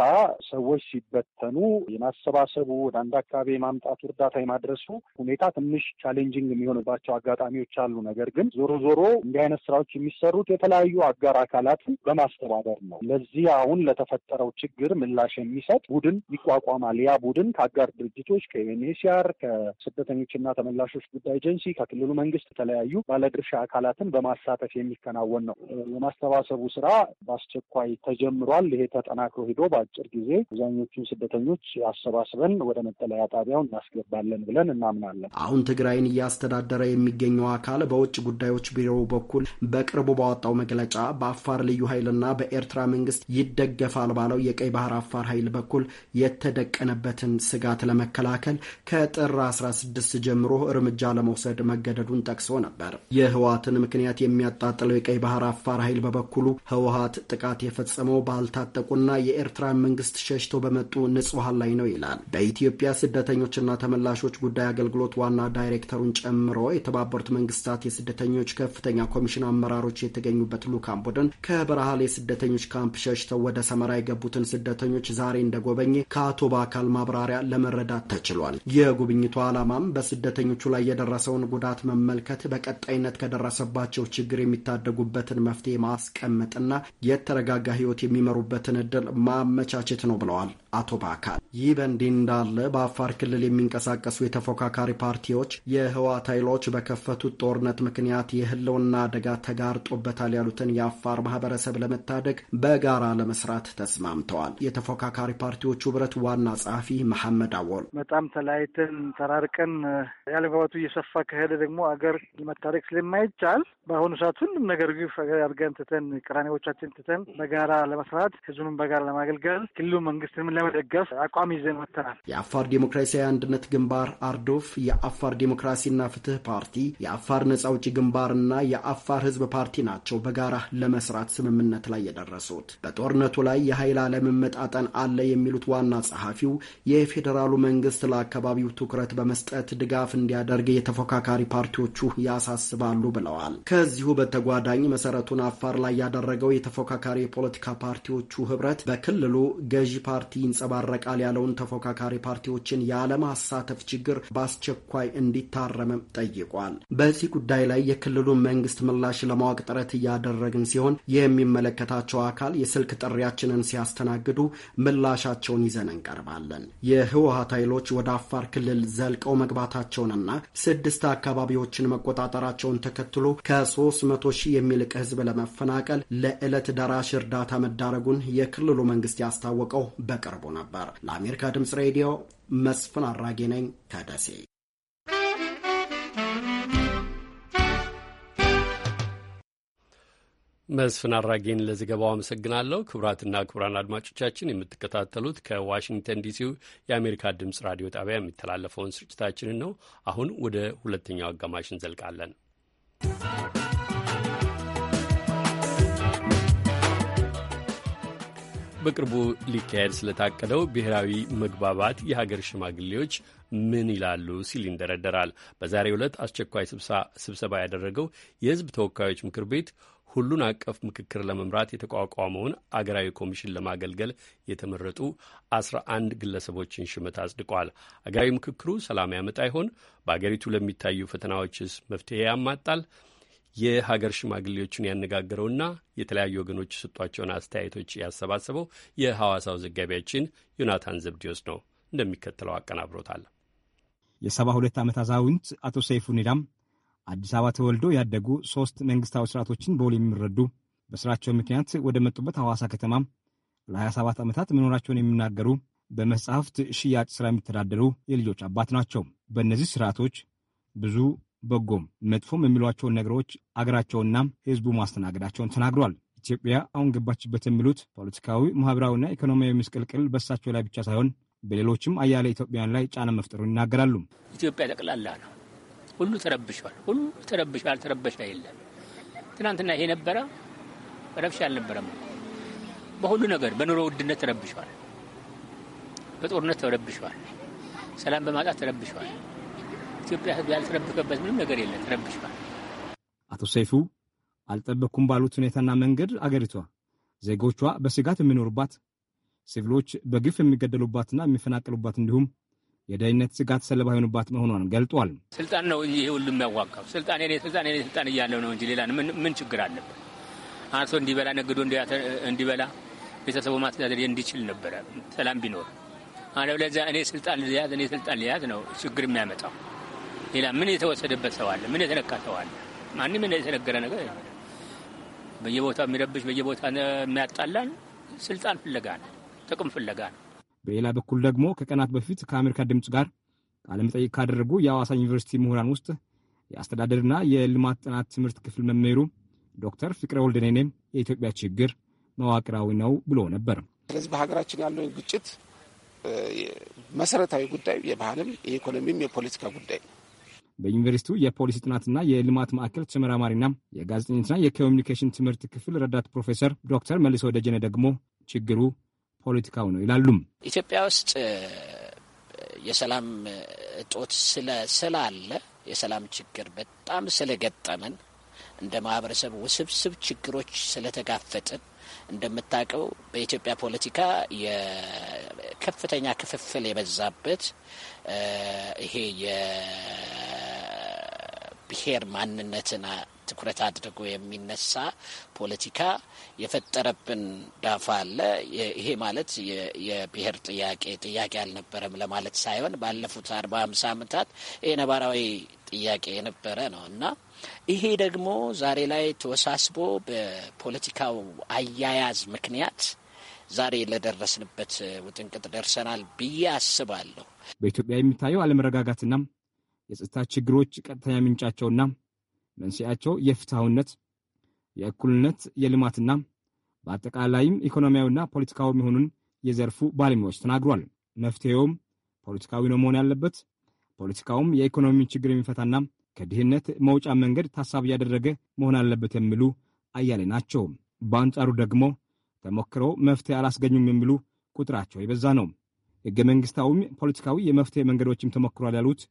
ሰዎች ሲበተኑ የማሰባሰቡ ወደ አንድ አካባቢ የማምጣቱ እርዳታ የማድረሱ ሁኔታ ትንሽ ቻሌንጂንግ የሚሆንባቸው አጋጣሚዎች አሉ። ነገር ግን ዞሮ ዞሮ እንዲህ አይነት ስራዎች የሚሰሩት የተለያዩ አጋር አካላትን በማስተባበር ነው። ለዚህ እንግዲህ አሁን ለተፈጠረው ችግር ምላሽ የሚሰጥ ቡድን ይቋቋማል። ያ ቡድን ከአጋር ድርጅቶች ከዩኤንኤችሲአር፣ ከስደተኞችና ተመላሾች ጉዳይ ኤጀንሲ፣ ከክልሉ መንግስት የተለያዩ ባለድርሻ አካላትን በማሳተፍ የሚከናወን ነው። የማስተባሰቡ ስራ በአስቸኳይ ተጀምሯል። ይሄ ተጠናክሮ ሂዶ በአጭር ጊዜ አብዛኞቹን ስደተኞች አሰባስበን ወደ መጠለያ ጣቢያው እናስገባለን ብለን እናምናለን። አሁን ትግራይን እያስተዳደረ የሚገኘው አካል በውጭ ጉዳዮች ቢሮው በኩል በቅርቡ ባወጣው መግለጫ በአፋር ልዩ ኃይልና በኤርትራ መንግስት ይደገፋል ባለው የቀይ ባህር አፋር ኃይል በኩል የተደቀነበትን ስጋት ለመከላከል ከጥር 16 ጀምሮ እርምጃ ለመውሰድ መገደዱን ጠቅሶ ነበር። የህወሓትን ምክንያት የሚያጣጥለው የቀይ ባህር አፋር ኃይል በበኩሉ ህወሀት ጥቃት የፈጸመው ባልታጠቁና የኤርትራ መንግስት ሸሽቶ በመጡ ንጹሐን ላይ ነው ይላል። በኢትዮጵያ ስደተኞችና ተመላሾች ጉዳይ አገልግሎት ዋና ዳይሬክተሩን ጨምሮ የተባበሩት መንግስታት የስደተኞች ከፍተኛ ኮሚሽን አመራሮች የተገኙበት ልዑካን ቡድን ከበረሃል የስደተኞች ካምፕ ሸሽ ሸሽተው ወደ ሰመራ የገቡትን ስደተኞች ዛሬ እንደጎበኘ ከአቶ በአካል ማብራሪያ ለመረዳት ተችሏል። የጉብኝቱ ዓላማም በስደተኞቹ ላይ የደረሰውን ጉዳት መመልከት፣ በቀጣይነት ከደረሰባቸው ችግር የሚታደጉበትን መፍትሄ ማስቀመጥና የተረጋጋ ሕይወት የሚመሩበትን እድል ማመቻቸት ነው ብለዋል። አቶ ባካል። ይህ በእንዲህ እንዳለ በአፋር ክልል የሚንቀሳቀሱ የተፎካካሪ ፓርቲዎች የህወሓት ኃይሎች በከፈቱት ጦርነት ምክንያት የህልውና አደጋ ተጋርጦበታል ያሉትን የአፋር ማህበረሰብ ለመታደግ በጋራ ለመስራት ተስማምተዋል። የተፎካካሪ ፓርቲዎቹ ህብረት ዋና ጸሐፊ መሐመድ አወል በጣም ተለያይተን ተራርቀን ያልባቱ እየሰፋ ከሄደ ደግሞ አገር ለመታደግ ስለማይቻል በአሁኑ ሰዓት ሁሉም ነገር ግፍ አድርገን ትተን ቅራኔዎቻችን ትተን በጋራ ለመስራት ህዝቡንም በጋራ ለማገልገል ክልሉ መንግስትንም ለመደገፍ አቋም ይዘን ወጥተናል። የአፋር ዴሞክራሲያዊ አንድነት ግንባር አርዶፍ፣ የአፋር ዴሞክራሲና ፍትህ ፓርቲ፣ የአፋር ነጻ አውጪ ግንባርና የአፋር ህዝብ ፓርቲ ናቸው በጋራ ለመስራት ስምምነት ላይ የደረሱት። በጦርነቱ ላይ የኃይል አለመመጣጠን አለ የሚሉት ዋና ጸሐፊው የፌዴራሉ መንግስት ለአካባቢው ትኩረት በመስጠት ድጋፍ እንዲያደርግ የተፎካካሪ ፓርቲዎቹ ያሳስባሉ ብለዋል። ከዚሁ በተጓዳኝ መሰረቱን አፋር ላይ ያደረገው የተፎካካሪ የፖለቲካ ፓርቲዎቹ ህብረት በክልሉ ገዢ ፓርቲ ይንጸባረቃል ያለውን ተፎካካሪ ፓርቲዎችን ያለማሳተፍ ችግር በአስቸኳይ እንዲታረምም ጠይቋል። በዚህ ጉዳይ ላይ የክልሉን መንግስት ምላሽ ለማወቅ ጥረት እያደረግን ሲሆን የሚመለከታቸው አካል የስልክ ጥሪያችንን ሲያስተናግዱ ምላሻቸውን ይዘን እንቀርባለን። የህወሀት ኃይሎች ወደ አፋር ክልል ዘልቀው መግባታቸውንና ስድስት አካባቢዎችን መቆጣጠራቸውን ተከትሎ ከ300 ሺህ የሚልቅ ህዝብ ለመፈናቀል ለዕለት ደራሽ እርዳታ መዳረጉን የክልሉ መንግስት ያስታወቀው በቅርቡ ቀርቦ ነበር። ለአሜሪካ ድምፅ ሬዲዮ መስፍን አራጌ ነኝ ከደሴ። መስፍን አራጌን ለዘገባው አመሰግናለሁ። ክቡራትና ክቡራን አድማጮቻችን የምትከታተሉት ከዋሽንግተን ዲሲው የአሜሪካ ድምፅ ራዲዮ ጣቢያ የሚተላለፈውን ስርጭታችንን ነው። አሁን ወደ ሁለተኛው አጋማሽ እንዘልቃለን። በቅርቡ ሊካሄድ ስለታቀደው ብሔራዊ መግባባት የሀገር ሽማግሌዎች ምን ይላሉ ሲል ይንደረደራል። በዛሬው ዕለት አስቸኳይ ስብሰባ ያደረገው የሕዝብ ተወካዮች ምክር ቤት ሁሉን አቀፍ ምክክር ለመምራት የተቋቋመውን አገራዊ ኮሚሽን ለማገልገል የተመረጡ አስራ አንድ ግለሰቦችን ሹመት አጽድቋል። አገራዊ ምክክሩ ሰላም ያመጣ ይሆን? በአገሪቱ ለሚታዩ ፈተናዎችስ መፍትሄ ያማጣል? የሀገር ሽማግሌዎቹን ያነጋገረውና የተለያዩ ወገኖች የሰጧቸውን አስተያየቶች ያሰባሰበው የሐዋሳው ዘጋቢያችን ዮናታን ዘብዲዮስ ነው። እንደሚከተለው አቀናብሮታል። የሰባ ሁለት ዓመት አዛውንት አቶ ሰይፉ ኒዳም አዲስ አበባ ተወልደው ያደጉ ሶስት መንግስታዊ ስርዓቶችን በውል የሚረዱ በስራቸው ምክንያት ወደ መጡበት ሐዋሳ ከተማ ለ27 ዓመታት መኖራቸውን የሚናገሩ በመጽሐፍት ሽያጭ ሥራ የሚተዳደሩ የልጆች አባት ናቸው። በእነዚህ ስርዓቶች ብዙ በጎም መጥፎም የሚሏቸውን ነገሮች አገራቸውና ህዝቡ ማስተናገዳቸውን ተናግሯል። ኢትዮጵያ አሁን ገባችበት የሚሉት ፖለቲካዊ፣ ማህበራዊና ኢኮኖሚያዊ ምስቅልቅል በሳቸው ላይ ብቻ ሳይሆን በሌሎችም አያሌ ኢትዮጵያውያን ላይ ጫና መፍጠሩን ይናገራሉ። ኢትዮጵያ ጠቅላላ ነው። ሁሉ ተረብሿል። ሁሉ ተረብሿል። ተረበሻ የለም። ትናንትና ይሄ ነበረ፣ ረብሻ አልነበረም። በሁሉ ነገር በኑሮ ውድነት ተረብሿል። በጦርነት ተረብሿል። ሰላም በማጣት ተረብሿል። ኢትዮጵያ ሕዝብ ያልተረብከበት ምንም ነገር የለ ተረብሽባል። አቶ ሰይፉ አልጠበኩም ባሉት ሁኔታና መንገድ አገሪቷ ዜጎቿ በስጋት የሚኖሩባት፣ ሲቪሎች በግፍ የሚገደሉባትና የሚፈናቀሉባት እንዲሁም የደህንነት ስጋት ሰለባ የሆኑባት መሆኗን ገልጧል። ስልጣን ነው ይሄ ሁሉ የሚያዋጋው ስልጣን ኔ ስልጣን ኔ ስልጣን እያለው ነው እንጂ ሌላ ምን ችግር አለበት? አንሶ እንዲበላ ነግዶ እንዲበላ ቤተሰቡ ማስተዳደር እንዲችል ነበረ ሰላም ቢኖር አለበለዚያ እኔ ስልጣን ልያዝ እኔ ስልጣን ልያዝ ነው ችግር የሚያመጣው። ሌላ ምን የተወሰደበት ሰው አለ? ምን የተነካ ሰው አለ? ማንም የተነገረ ነገር በየቦታ የሚረብሽ በየቦታ የሚያጣላን ስልጣን ፍለጋ ነው፣ ጥቅም ፍለጋ ነው። በሌላ በኩል ደግሞ ከቀናት በፊት ከአሜሪካ ድምፅ ጋር ቃለመጠይቅ ካደረጉ የአዋሳ ዩኒቨርሲቲ ምሁራን ውስጥ የአስተዳደርና የልማት ጥናት ትምህርት ክፍል መምህሩ ዶክተር ፍቅረ ወልደኔኔም የኢትዮጵያ ችግር መዋቅራዊ ነው ብሎ ነበር። ስለዚህ በሀገራችን ያለው ግጭት መሰረታዊ ጉዳይ የባህልም የኢኮኖሚም የፖለቲካ ጉዳይ በዩኒቨርሲቲው የፖሊሲ ጥናትና የልማት ማዕከል ተመራማሪና የጋዜጠኝነትና የኮሚኒኬሽን ትምህርት ክፍል ረዳት ፕሮፌሰር ዶክተር መልሶ ደጀነ ደግሞ ችግሩ ፖለቲካው ነው ይላሉም። ኢትዮጵያ ውስጥ የሰላም እጦት ስላለ የሰላም ችግር በጣም ስለገጠመን እንደ ማህበረሰብ ውስብስብ ችግሮች ስለተጋፈጥን እንደምታውቀው በኢትዮጵያ ፖለቲካ የከፍተኛ ክፍፍል የበዛበት ይሄ ብሔር ማንነትን ትኩረት አድርጎ የሚነሳ ፖለቲካ የፈጠረብን ዳፋ አለ። ይሄ ማለት የብሔር ጥያቄ ጥያቄ አልነበረም ለማለት ሳይሆን ባለፉት አርባ ሃምሳ ዓመታት ይሄ ነባራዊ ጥያቄ የነበረ ነው እና ይሄ ደግሞ ዛሬ ላይ ተወሳስቦ በፖለቲካው አያያዝ ምክንያት ዛሬ ለደረስንበት ውጥንቅጥ ደርሰናል ብዬ አስባለሁ። በኢትዮጵያ የሚታየው አለመረጋጋትና የጸጥታ ችግሮች ቀጥተኛ ምንጫቸውና መንስኤያቸው የፍትሐውነት፣ የእኩልነት፣ የልማትና በአጠቃላይም ኢኮኖሚያዊና ፖለቲካዊ መሆኑን የዘርፉ ባለሙያዎች ተናግሯል። መፍትሄውም ፖለቲካዊ ነው መሆን ያለበት። ፖለቲካውም የኢኮኖሚ ችግር የሚፈታና ከድህነት መውጫ መንገድ ታሳቢ ያደረገ መሆን አለበት የሚሉ አያሌ ናቸው። በአንጻሩ ደግሞ ተሞክረው መፍትሄ አላስገኙም የሚሉ ቁጥራቸው የበዛ ነው። ሕገ መንግሥታዊም ፖለቲካዊ የመፍትሄ መንገዶችም ተሞክሯል ያሉት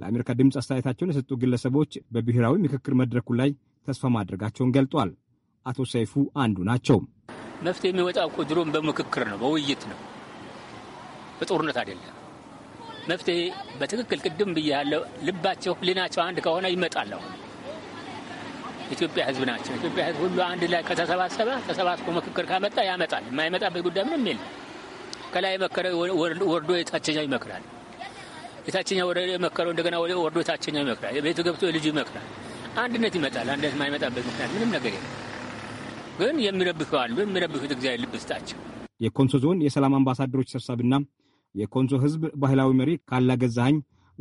ለአሜሪካ ድምፅ አስተያየታቸውን የሰጡ ግለሰቦች በብሔራዊ ምክክር መድረኩ ላይ ተስፋ ማድረጋቸውን ገልጧል። አቶ ሰይፉ አንዱ ናቸው። መፍትሄ የሚወጣው እኮ ድሮም በምክክር ነው፣ በውይይት ነው፣ በጦርነት አይደለም። መፍትሄ በትክክል ቅድም ብያለሁ። ልባቸው ህሊናቸው አንድ ከሆነ ይመጣል። አሁን ኢትዮጵያ ህዝብ ናቸው። ኢትዮጵያ ህዝብ ሁሉ አንድ ላይ ከተሰባሰበ ተሰባስቦ ምክክር ካመጣ ያመጣል። የማይመጣበት ጉዳይ ምንም የለም። ከላይ የመከረ ወርዶ የታችኛው ይመክራል። የታችኛው የመከረው እንደገና ወርዶ የታችኛው ይመክራል። ቤቱ ገብቶ ልጁ ይመክራል። አንድነት ይመጣል። አንድነት የማይመጣበት ምክንያት ምንም ነገር የለም። ግን የሚረብሹ አሉ። የሚረብሹት እግዚአብሔር ልብ ስጣቸው። የኮንሶ ዞን የሰላም አምባሳደሮች ሰብሳቢና የኮንሶ ሕዝብ ባህላዊ መሪ ካላ ገዛኸኝ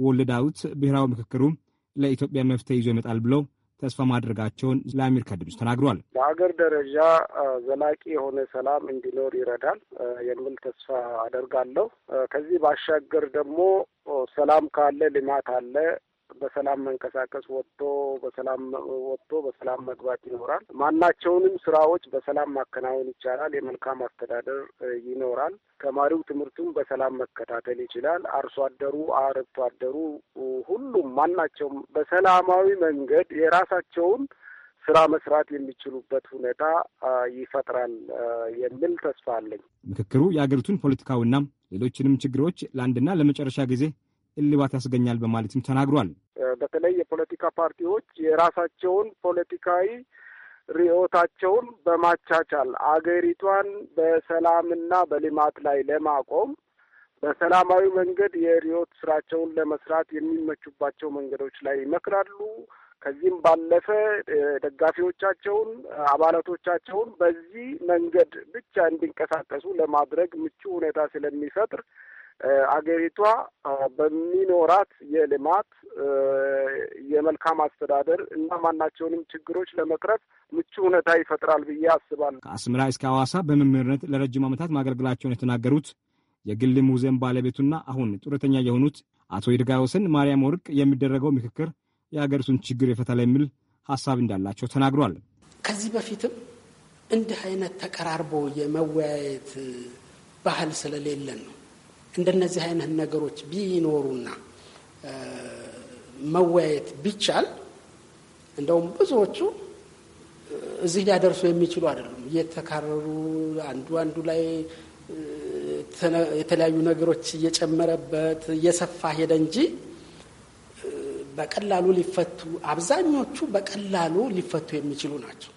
ወልደ ዳዊት ብሔራዊ ምክክሩ ለኢትዮጵያ መፍትሄ ይዞ ይመጣል ብለው ተስፋ ማድረጋቸውን ለአሜሪካ ድምፅ ተናግሯል። በሀገር ደረጃ ዘላቂ የሆነ ሰላም እንዲኖር ይረዳል የሚል ተስፋ አደርጋለሁ። ከዚህ ባሻገር ደግሞ ሰላም ካለ ልማት አለ፣ በሰላም መንቀሳቀስ ወጥቶ በሰላም ወጥቶ በሰላም መግባት ይኖራል። ማናቸውንም ስራዎች በሰላም ማከናወን ይቻላል። የመልካም አስተዳደር ይኖራል። ተማሪው ትምህርቱን በሰላም መከታተል ይችላል። አርሶ አደሩ፣ አርብቶ አደሩ፣ ሁሉም ማናቸውም በሰላማዊ መንገድ የራሳቸውን ስራ መስራት የሚችሉበት ሁኔታ ይፈጥራል የሚል ተስፋ አለኝ። ምክክሩ የአገሪቱን ፖለቲካዊና ሌሎችንም ችግሮች ለአንድና ለመጨረሻ ጊዜ እልባት ያስገኛል በማለትም ተናግሯል። በተለይ የፖለቲካ ፓርቲዎች የራሳቸውን ፖለቲካዊ ርዕዮታቸውን በማቻቻል አገሪቷን በሰላምና በልማት ላይ ለማቆም በሰላማዊ መንገድ የርዕዮት ስራቸውን ለመስራት የሚመቹባቸው መንገዶች ላይ ይመክራሉ። ከዚህም ባለፈ ደጋፊዎቻቸውን፣ አባላቶቻቸውን በዚህ መንገድ ብቻ እንዲንቀሳቀሱ ለማድረግ ምቹ ሁኔታ ስለሚፈጥር አገሪቷ በሚኖራት የልማት የመልካም አስተዳደር እና ማናቸውንም ችግሮች ለመቅረፍ ምቹ ሁኔታ ይፈጥራል ብዬ አስባለሁ። ከአስመራ እስከ ሐዋሳ በመምህርነት ለረጅም ዓመታት ማገልግላቸውን የተናገሩት የግል ሙዚየም ባለቤቱና አሁን ጡረተኛ የሆኑት አቶ ይድጋ ወሰን ማርያም ወርቅ የሚደረገው ምክክር የሀገሪቱን ችግር ይፈታል የሚል ሀሳብ እንዳላቸው ተናግሯል። ከዚህ በፊትም እንዲህ አይነት ተቀራርቦ የመወያየት ባህል ስለሌለን ነው እንደነዚህ አይነት ነገሮች ቢኖሩና መወያየት ቢቻል እንደውም ብዙዎቹ እዚህ ሊያደርሱ የሚችሉ አይደሉም። እየተካረሩ አንዱ አንዱ ላይ የተለያዩ ነገሮች እየጨመረበት እየሰፋ ሄደ እንጂ በቀላሉ ሊፈቱ አብዛኞቹ በቀላሉ ሊፈቱ የሚችሉ ናቸው።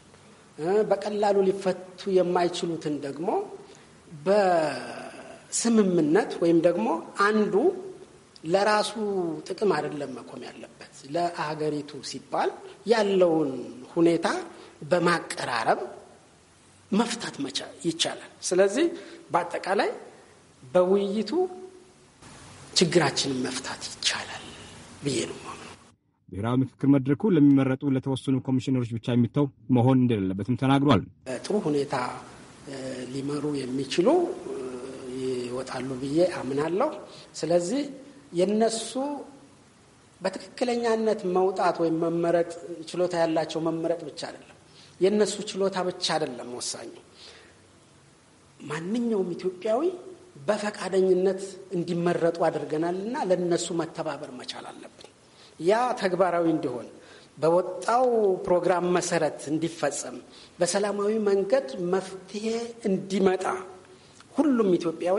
በቀላሉ ሊፈቱ የማይችሉትን ደግሞ ስምምነት ወይም ደግሞ አንዱ ለራሱ ጥቅም አይደለም መቆም ያለበት ለሀገሪቱ ሲባል ያለውን ሁኔታ በማቀራረብ መፍታት ይቻላል። ስለዚህ በአጠቃላይ በውይይቱ ችግራችንን መፍታት ይቻላል ብዬ ነው ብሔራዊ ምክክር መድረኩ ለሚመረጡ ለተወሰኑ ኮሚሽነሮች ብቻ የሚተው መሆን እንደሌለበትም ተናግሯል። ጥሩ ሁኔታ ሊመሩ የሚችሉ ይወጣሉ ብዬ አምናለሁ። ስለዚህ የነሱ በትክክለኛነት መውጣት ወይም መመረጥ ችሎታ ያላቸው መመረጥ ብቻ አይደለም፣ የእነሱ ችሎታ ብቻ አይደለም ወሳኙ። ማንኛውም ኢትዮጵያዊ በፈቃደኝነት እንዲመረጡ አድርገናል እና ለእነሱ መተባበር መቻል አለብን። ያ ተግባራዊ እንዲሆን በወጣው ፕሮግራም መሰረት እንዲፈጸም በሰላማዊ መንገድ መፍትሄ እንዲመጣ ሁሉም ኢትዮጵያዊ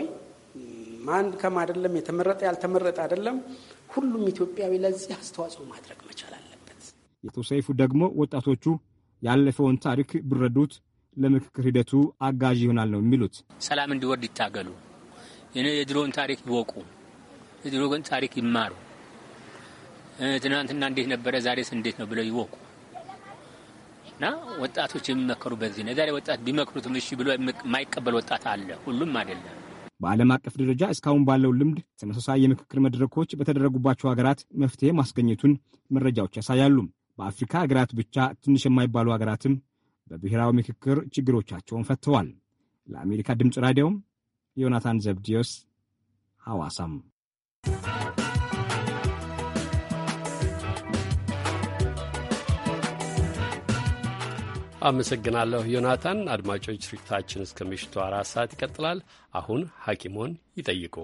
ማን ከም አይደለም፣ የተመረጠ ያልተመረጠ አይደለም። ሁሉም ኢትዮጵያዊ ለዚህ አስተዋጽኦ ማድረግ መቻል አለበት። አቶ ሰይፉ ደግሞ ወጣቶቹ ያለፈውን ታሪክ ቢረዱት ለምክክር ሂደቱ አጋዥ ይሆናል ነው የሚሉት። ሰላም እንዲወርድ ይታገሉ፣ የድሮን ታሪክ ይወቁ፣ የድሮን ታሪክ ይማሩ። ትናንትና እንዴት ነበረ፣ ዛሬስ እንዴት ነው ብለው ይወቁ። እና ወጣቶች የሚመከሩ በዚህ ነው። ዛሬ ወጣት ቢመክሩትም እሺ ብሎ የማይቀበል ወጣት አለ፣ ሁሉም አይደለም። በዓለም አቀፍ ደረጃ እስካሁን ባለው ልምድ ተመሳሳይ የምክክር መድረኮች በተደረጉባቸው ሀገራት መፍትሄ ማስገኘቱን መረጃዎች ያሳያሉ። በአፍሪካ ሀገራት ብቻ ትንሽ የማይባሉ ሀገራትም በብሔራዊ ምክክር ችግሮቻቸውን ፈትተዋል። ለአሜሪካ ድምፅ ራዲዮም ዮናታን ዘብዲዮስ ሐዋሳም አመሰግናለሁ ዮናታን። አድማጮች ስርጭታችን እስከ ምሽቱ አራት ሰዓት ይቀጥላል። አሁን ሐኪሞን ይጠይቁ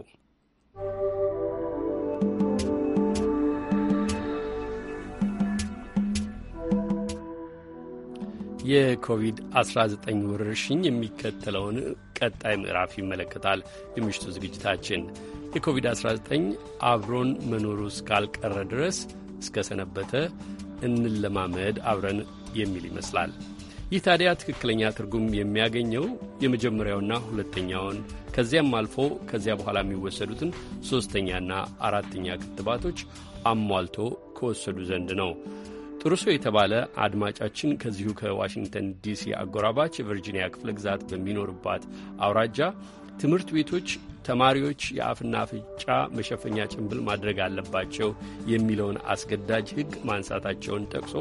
የኮቪድ-19 ወረርሽኝ የሚከተለውን ቀጣይ ምዕራፍ ይመለከታል የምሽቱ ዝግጅታችን። የኮቪድ-19 አብሮን መኖሩ እስካልቀረ ድረስ እስከ ሰነበተ እንለማመድ አብረን የሚል ይመስላል። ይህ ታዲያ ትክክለኛ ትርጉም የሚያገኘው የመጀመሪያውና ሁለተኛውን ከዚያም አልፎ ከዚያ በኋላ የሚወሰዱትን ሦስተኛና አራተኛ ክትባቶች አሟልቶ ከወሰዱ ዘንድ ነው። ጥሩሶ የተባለ አድማጫችን ከዚሁ ከዋሽንግተን ዲሲ አጎራባች ቨርጂኒያ ክፍለ ግዛት በሚኖርባት አውራጃ ትምህርት ቤቶች ተማሪዎች የአፍና አፍንጫ መሸፈኛ ጭንብል ማድረግ አለባቸው የሚለውን አስገዳጅ ሕግ ማንሳታቸውን ጠቅሶ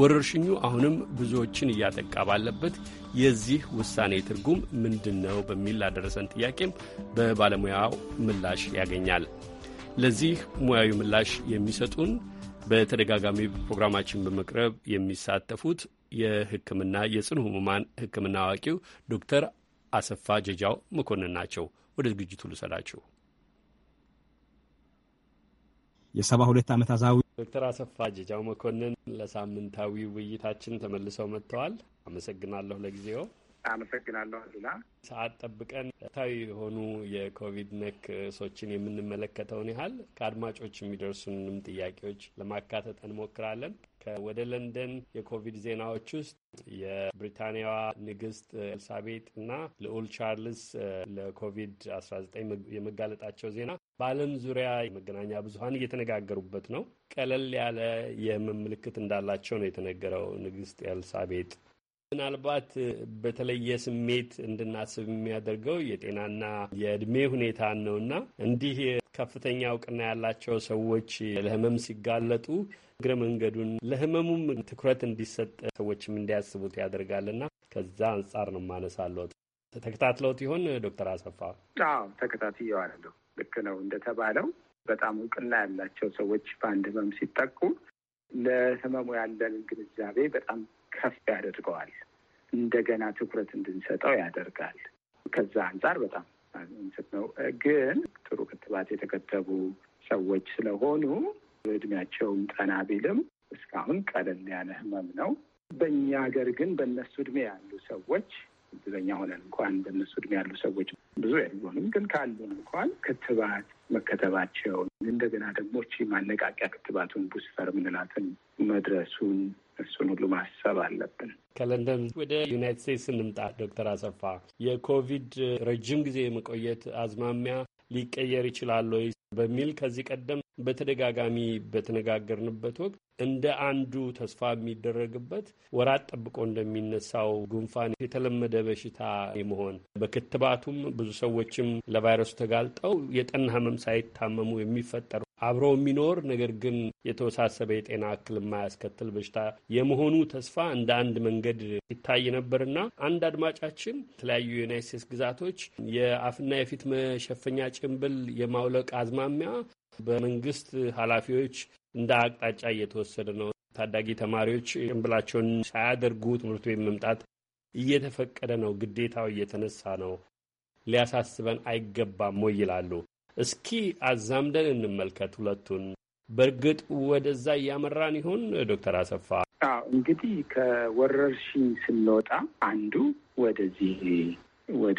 ወረርሽኙ አሁንም ብዙዎችን እያጠቃ ባለበት የዚህ ውሳኔ ትርጉም ምንድን ነው በሚል ላደረሰን ጥያቄም በባለሙያው ምላሽ ያገኛል። ለዚህ ሙያዊ ምላሽ የሚሰጡን በተደጋጋሚ ፕሮግራማችን በመቅረብ የሚሳተፉት የሕክምና የጽኑ ሕሙማን ሕክምና አዋቂው ዶክተር አሰፋ ጀጃው መኮንን ናቸው። ወደ ዝግጅቱ ልሰዳችሁ። የሰባ ሁለት ዓመት አዛዊ ዶክተር አሰፋ ጀጃው መኮንን ለሳምንታዊ ውይይታችን ተመልሰው መጥተዋል። አመሰግናለሁ። ለጊዜው አመሰግናለሁ። አሉላ ሰዓት ጠብቀን ታዊ የሆኑ የኮቪድ ነክ ሶችን የምንመለከተውን ያህል ከአድማጮች የሚደርሱንም ጥያቄዎች ለማካተት እንሞክራለን። ከወደ ለንደን የኮቪድ ዜናዎች ውስጥ የብሪታንያዋ ንግስት ኤልሳቤጥ እና ልዑል ቻርልስ ለኮቪድ-19 የመጋለጣቸው ዜና በዓለም ዙሪያ መገናኛ ብዙኃን እየተነጋገሩበት ነው። ቀለል ያለ የህመም ምልክት እንዳላቸው ነው የተነገረው። ንግስት ኤልሳቤጥ ምናልባት በተለየ ስሜት እንድናስብ የሚያደርገው የጤናና የእድሜ ሁኔታን ነውና እንዲህ ከፍተኛ እውቅና ያላቸው ሰዎች ለህመም ሲጋለጡ እግረ መንገዱን ለህመሙም ትኩረት እንዲሰጥ ሰዎችም እንዲያስቡት ያደርጋልና ከዛ አንጻር ነው ማነሳለት። ተከታትለውት ይሆን ዶክተር አሰፋ? አዎ ተከታትየዋለሁ። ልክ ነው እንደተባለው በጣም እውቅና ያላቸው ሰዎች በአንድ ህመም ሲጠቁ ለህመሙ ያለን ግንዛቤ በጣም ከፍ ያደርገዋል። እንደገና ትኩረት እንድንሰጠው ያደርጋል። ከዛ አንጻር በጣም ነው። ግን ጥሩ ክትባት የተከተቡ ሰዎች ስለሆኑ እድሜያቸውም ጠና ቢልም እስካሁን ቀለል ያለ ህመም ነው። በእኛ ሀገር ግን በእነሱ እድሜ ያሉ ሰዎች እድለኛ ሆነን እንኳን በእነሱ እድሜ ያሉ ሰዎች ብዙ ያልሆንም ግን ካሉን እንኳን ክትባት መከተባቸውን እንደገና ደግሞ ቺ ማነቃቂያ ክትባቱን ቡስተር ምንላትን መድረሱን እሱን ሁሉ ማሰብ አለብን። ከለንደን ወደ ዩናይት ስቴትስ እንምጣ። ዶክተር አሰፋ የኮቪድ ረጅም ጊዜ የመቆየት አዝማሚያ ሊቀየር ይችላል ወይ በሚል ከዚህ ቀደም በተደጋጋሚ በተነጋገርንበት ወቅት እንደ አንዱ ተስፋ የሚደረግበት ወራት ጠብቆ እንደሚነሳው ጉንፋን የተለመደ በሽታ የመሆን በክትባቱም ብዙ ሰዎችም ለቫይረሱ ተጋልጠው የጠና ህመም ሳይታመሙ የሚፈጠሩ አብሮ የሚኖር ነገር ግን የተወሳሰበ የጤና እክል የማያስከትል በሽታ የመሆኑ ተስፋ እንደ አንድ መንገድ ይታይ ነበርና አንድ አድማጫችን የተለያዩ የዩናይት ስቴትስ ግዛቶች የአፍና የፊት መሸፈኛ ጭንብል የማውለቅ አዝማሚያ በመንግስት ኃላፊዎች እንደ አቅጣጫ እየተወሰደ ነው። ታዳጊ ተማሪዎች ጭንብላቸውን ሳያደርጉ ትምህርት ቤት መምጣት እየተፈቀደ ነው። ግዴታው እየተነሳ ነው። ሊያሳስበን አይገባም ወይ ይላሉ። እስኪ አዛምደን እንመልከት ሁለቱን። በእርግጥ ወደዛ እያመራን ይሆን? ዶክተር አሰፋ አዎ፣ እንግዲህ ከወረርሽኝ ስንወጣ አንዱ ወደዚህ ወደ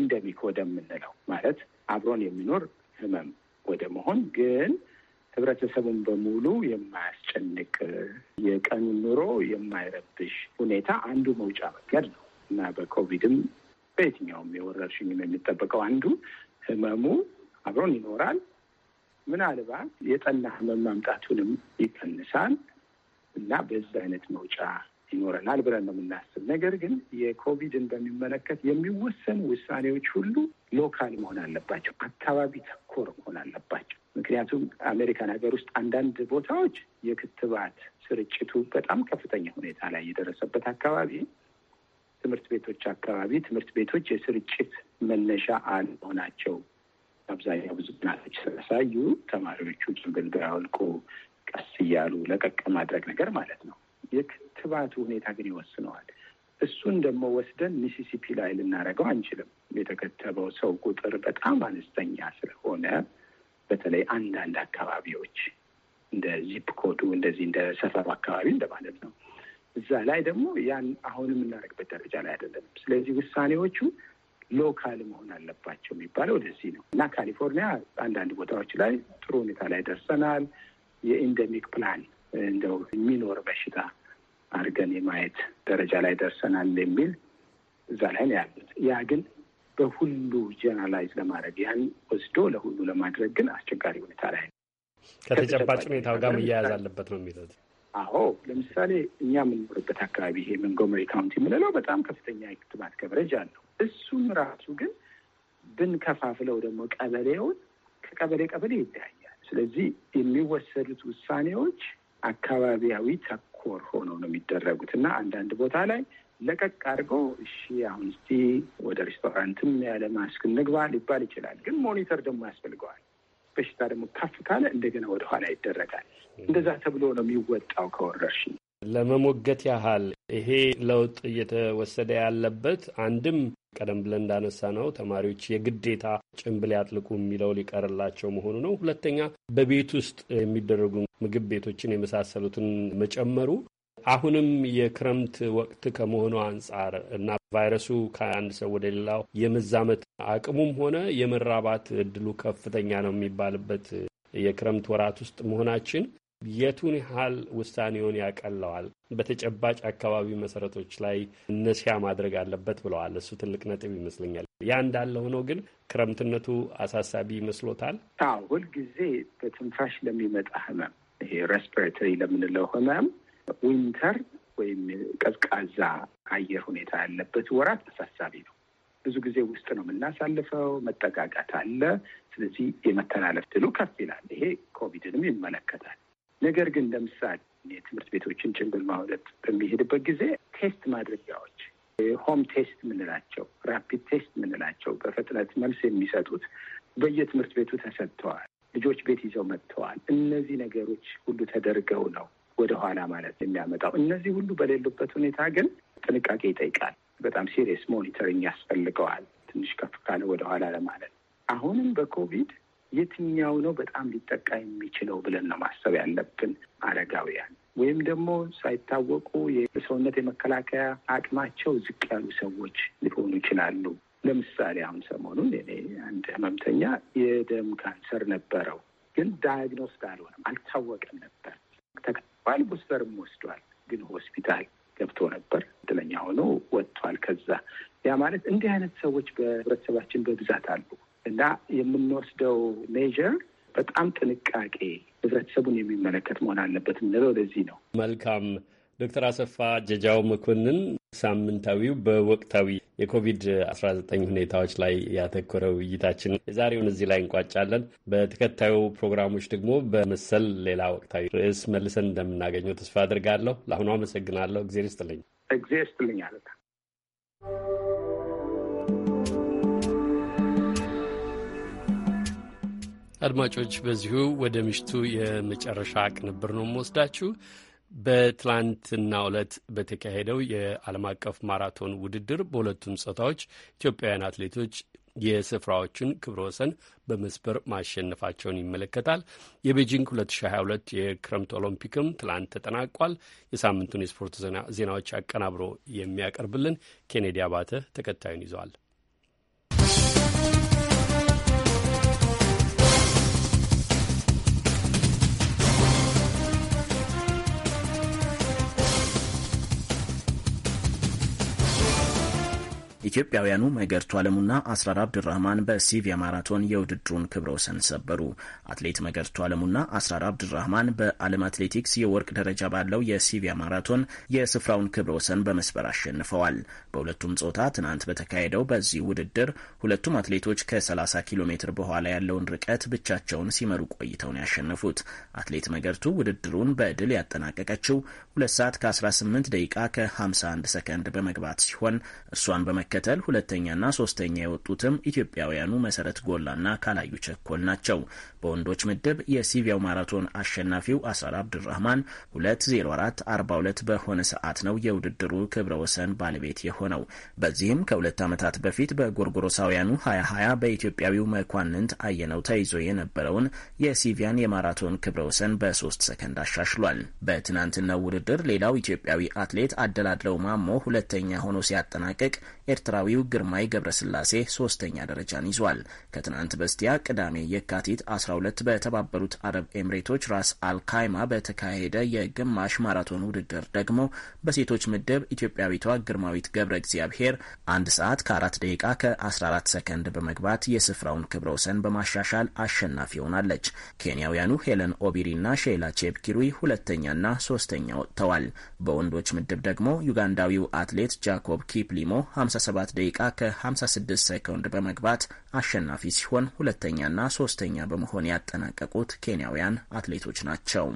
ኢንደሚክ ወደምንለው ማለት አብሮን የሚኖር ህመም ወደ መሆን ግን ህብረተሰቡን በሙሉ የማያስጨንቅ የቀኑ ኑሮ የማይረብሽ ሁኔታ አንዱ መውጫ መንገድ ነው እና በኮቪድም በየትኛውም የወረርሽኝ ነው የሚጠበቀው አንዱ ህመሙ አብሮን ይኖራል። ምናልባት የጠና ህመም ማምጣቱንም ይቀንሳል እና በዚህ አይነት መውጫ ይኖረናል ብለን ነው የምናስብ። ነገር ግን የኮቪድን በሚመለከት የሚወሰኑ ውሳኔዎች ሁሉ ሎካል መሆን አለባቸው፣ አካባቢ ተኮር መሆን አለባቸው። ምክንያቱም አሜሪካን ሀገር ውስጥ አንዳንድ ቦታዎች የክትባት ስርጭቱ በጣም ከፍተኛ ሁኔታ ላይ የደረሰበት አካባቢ ትምህርት ቤቶች አካባቢ ትምህርት ቤቶች የስርጭት መነሻ አለመሆናቸው አብዛኛው ብዙ ጥናቶች ስለሳዩ ተማሪዎቹ ጭንብል ግራውልቁ ቀስ እያሉ ለቀቅ ማድረግ ነገር ማለት ነው የክትባቱ ሁኔታ ግን ይወስነዋል። እሱን ደግሞ ወስደን ሚሲሲፒ ላይ ልናደርገው አንችልም። የተከተበው ሰው ቁጥር በጣም አነስተኛ ስለሆነ በተለይ አንዳንድ አካባቢዎች እንደ ዚፕ ኮዱ እንደዚህ እንደ ሰፈሩ አካባቢ እንደማለት ነው። እዛ ላይ ደግሞ ያን አሁን የምናደርግበት ደረጃ ላይ አይደለም። ስለዚህ ውሳኔዎቹ ሎካል መሆን አለባቸው የሚባለው ወደዚህ ነው እና ካሊፎርኒያ አንዳንድ ቦታዎች ላይ ጥሩ ሁኔታ ላይ ደርሰናል። የኢንደሚክ ፕላን እንደው የሚኖር በሽታ አድርገን የማየት ደረጃ ላይ ደርሰናል የሚል እዛ ላይ ያሉት። ያ ግን በሁሉ ጀነራላይዝ ለማድረግ ያን ወስዶ ለሁሉ ለማድረግ ግን አስቸጋሪ ሁኔታ ላይ ከተጨባጭ ሁኔታው ጋር መያያዝ አለበት ነው የሚለት። አዎ ለምሳሌ እኛ የምንኖርበት አካባቢ ይሄ መንጎመሪ ካውንቲ የምንለው በጣም ከፍተኛ የክትባት ከቨረጅ አለው። እሱን ራሱ ግን ብንከፋፍለው ደግሞ ቀበሌውን ከቀበሌ ቀበሌ ይለያያል። ስለዚህ የሚወሰዱት ውሳኔዎች አካባቢያዊ ተኮር ሆነው ነው የሚደረጉት እና አንዳንድ ቦታ ላይ ለቀቅ አድርገው እሺ አሁን እስቲ ወደ ሬስቶራንትም ያለ ማስክ እንግባ ሊባል ይችላል። ግን ሞኒተር ደግሞ ያስፈልገዋል። በሽታ ደግሞ ከፍ ካለ እንደገና ወደኋላ ይደረጋል። እንደዛ ተብሎ ነው የሚወጣው ከወረርሽኝ ለመሞገት ያህል ይሄ ለውጥ እየተወሰደ ያለበት አንድም ቀደም ብለን እንዳነሳ ነው ተማሪዎች የግዴታ ጭንብል ያጥልቁ የሚለው ሊቀርላቸው መሆኑ ነው። ሁለተኛ በቤት ውስጥ የሚደረጉ ምግብ ቤቶችን የመሳሰሉትን መጨመሩ አሁንም የክረምት ወቅት ከመሆኑ አንጻር እና ቫይረሱ ከአንድ ሰው ወደ ሌላው የመዛመት አቅሙም ሆነ የመራባት እድሉ ከፍተኛ ነው የሚባልበት የክረምት ወራት ውስጥ መሆናችን የቱን ያህል ውሳኔውን ያቀለዋል? በተጨባጭ አካባቢ መሰረቶች ላይ እነሲያ ማድረግ አለበት ብለዋል። እሱ ትልቅ ነጥብ ይመስለኛል። ያ እንዳለ ሆኖ ግን ክረምትነቱ አሳሳቢ ይመስሎታል? አዎ፣ ሁልጊዜ በትንፋሽ ለሚመጣ ህመም ይሄ ሬስፒሬተሪ ለምንለው ህመም ዊንተር ወይም ቀዝቃዛ አየር ሁኔታ ያለበት ወራት አሳሳቢ ነው። ብዙ ጊዜ ውስጥ ነው የምናሳልፈው፣ መጠጋጋት አለ። ስለዚህ የመተላለፍ ትሉ ከፍ ይላል። ይሄ ኮቪድንም ይመለከታል። ነገር ግን ለምሳሌ የትምህርት ቤቶችን ጭንብል ማውለጥ በሚሄድበት ጊዜ ቴስት ማድረጊያዎች ሆም ቴስት የምንላቸው ራፒድ ቴስት የምንላቸው በፍጥነት መልስ የሚሰጡት በየትምህርት ቤቱ ተሰጥተዋል። ልጆች ቤት ይዘው መጥተዋል። እነዚህ ነገሮች ሁሉ ተደርገው ነው ወደኋላ ማለት የሚያመጣው። እነዚህ ሁሉ በሌሉበት ሁኔታ ግን ጥንቃቄ ይጠይቃል። በጣም ሲሪየስ ሞኒተሪንግ ያስፈልገዋል። ትንሽ ከፍ ካለ ወደኋላ ለማለት አሁንም በኮቪድ የትኛው ነው በጣም ሊጠቃ የሚችለው ብለን ነው ማሰብ ያለብን። አረጋውያን ወይም ደግሞ ሳይታወቁ የሰውነት የመከላከያ አቅማቸው ዝቅ ያሉ ሰዎች ሊሆኑ ይችላሉ። ለምሳሌ አሁን ሰሞኑን እኔ አንድ ህመምተኛ የደም ካንሰር ነበረው፣ ግን ዳያግኖስ አልሆነም፣ አልታወቀም ነበር። ተቀባል ቡስተርም ወስዷል፣ ግን ሆስፒታል ገብቶ ነበር። እድለኛ ሆኖ ወጥቷል። ከዛ ያ ማለት እንዲህ አይነት ሰዎች በህብረተሰባችን በብዛት አሉ። እና የምንወስደው ሜዥር በጣም ጥንቃቄ ህብረተሰቡን የሚመለከት መሆን አለበት የምንለው ለዚህ ነው። መልካም ዶክተር አሰፋ ጀጃው መኮንን ሳምንታዊው በወቅታዊ የኮቪድ-19 ሁኔታዎች ላይ ያተኮረ ውይይታችን የዛሬውን እዚህ ላይ እንቋጫለን። በተከታዩ ፕሮግራሞች ደግሞ በመሰል ሌላ ወቅታዊ ርዕስ መልሰን እንደምናገኘው ተስፋ አድርጋለሁ። ለአሁኑ አመሰግናለሁ። እግዜር ይስጥልኝ። እግዜር ይስጥልኝ አለታ አድማጮች በዚሁ ወደ ምሽቱ የመጨረሻ ቅንብር ነው የምወስዳችሁ። በትላንትና ዕለት በተካሄደው የዓለም አቀፍ ማራቶን ውድድር በሁለቱም ጾታዎች ኢትዮጵያውያን አትሌቶች የስፍራዎቹን ክብረ ወሰን በመስበር ማሸነፋቸውን ይመለከታል። የቤጂንግ 2022 የክረምት ኦሎምፒክም ትላንት ተጠናቋል። የሳምንቱን የስፖርት ዜናዎች አቀናብሮ የሚያቀርብልን ኬኔዲ አባተ ተከታዩን ይዘዋል። ኢትዮጵያውያኑ መገርቱ አለሙና አስራር አብድራህማን በሲቪያ ማራቶን የውድድሩን ክብረ ወሰን ሰበሩ። አትሌት መገርቱ አለሙና አስራር አብድራህማን በዓለም አትሌቲክስ የወርቅ ደረጃ ባለው የሲቪያ ማራቶን የስፍራውን ክብረ ወሰን በመስበር አሸንፈዋል። በሁለቱም ጾታ ትናንት በተካሄደው በዚህ ውድድር ሁለቱም አትሌቶች ከ30 ኪሎ ሜትር በኋላ ያለውን ርቀት ብቻቸውን ሲመሩ ቆይተው ነው ያሸነፉት። አትሌት መገርቱ ውድድሩን በድል ያጠናቀቀችው 2 ሰዓት ከ18 ደቂቃ ከ51 ሰከንድ በመግባት ሲሆን እሷን በመከተል ሁለተኛና ሶስተኛ የወጡትም ኢትዮጵያውያኑ መሰረት ጎላና ካላዩ ቸኮል ናቸው። በወንዶች ምድብ የሲቪያው ማራቶን አሸናፊው አስራር አብድራህማን 20442 በሆነ ሰዓት ነው የውድድሩ ክብረ ወሰን ባለቤት የሆነው። በዚህም ከሁለት ዓመታት በፊት በጎርጎሮሳውያኑ 2020 በኢትዮጵያዊው መኳንንት አየነው ተይዞ የነበረውን የሲቪያን የማራቶን ክብረ ወሰን በሶስት ሰከንድ አሻሽሏል። በትናንትናው ውድድር ውድድር ሌላው ኢትዮጵያዊ አትሌት አደላድለው ማሞ ሁለተኛ ሆኖ ሲያጠናቅቅ ኤርትራዊው ግርማይ ገብረስላሴ ሶስተኛ ደረጃን ይዟል። ከትናንት በስቲያ ቅዳሜ የካቲት 12 በተባበሩት አረብ ኤምሬቶች ራስ አልካይማ በተካሄደ የግማሽ ማራቶን ውድድር ደግሞ በሴቶች ምድብ ኢትዮጵያዊቷ ግርማዊት ገብረ እግዚአብሔር አንድ ሰዓት ከአራት ደቂቃ ከ14 ሰከንድ በመግባት የስፍራውን ክብረ ወሰን በማሻሻል አሸናፊ ሆናለች። ኬንያውያኑ ሄለን ኦቢሪና ሼላ ቼፕኪሩይ ሁለተኛና ሶስተኛ ወጥተዋል። በወንዶች ምድብ ደግሞ ዩጋንዳዊው አትሌት ጃኮብ ኪፕሊሞ 5 57 ደቂቃ ከ56 ሴኮንድ በመግባት አሸናፊ ሲሆን ሁለተኛና ሶስተኛ በመሆን ያጠናቀቁት ኬንያውያን አትሌቶች ናቸው።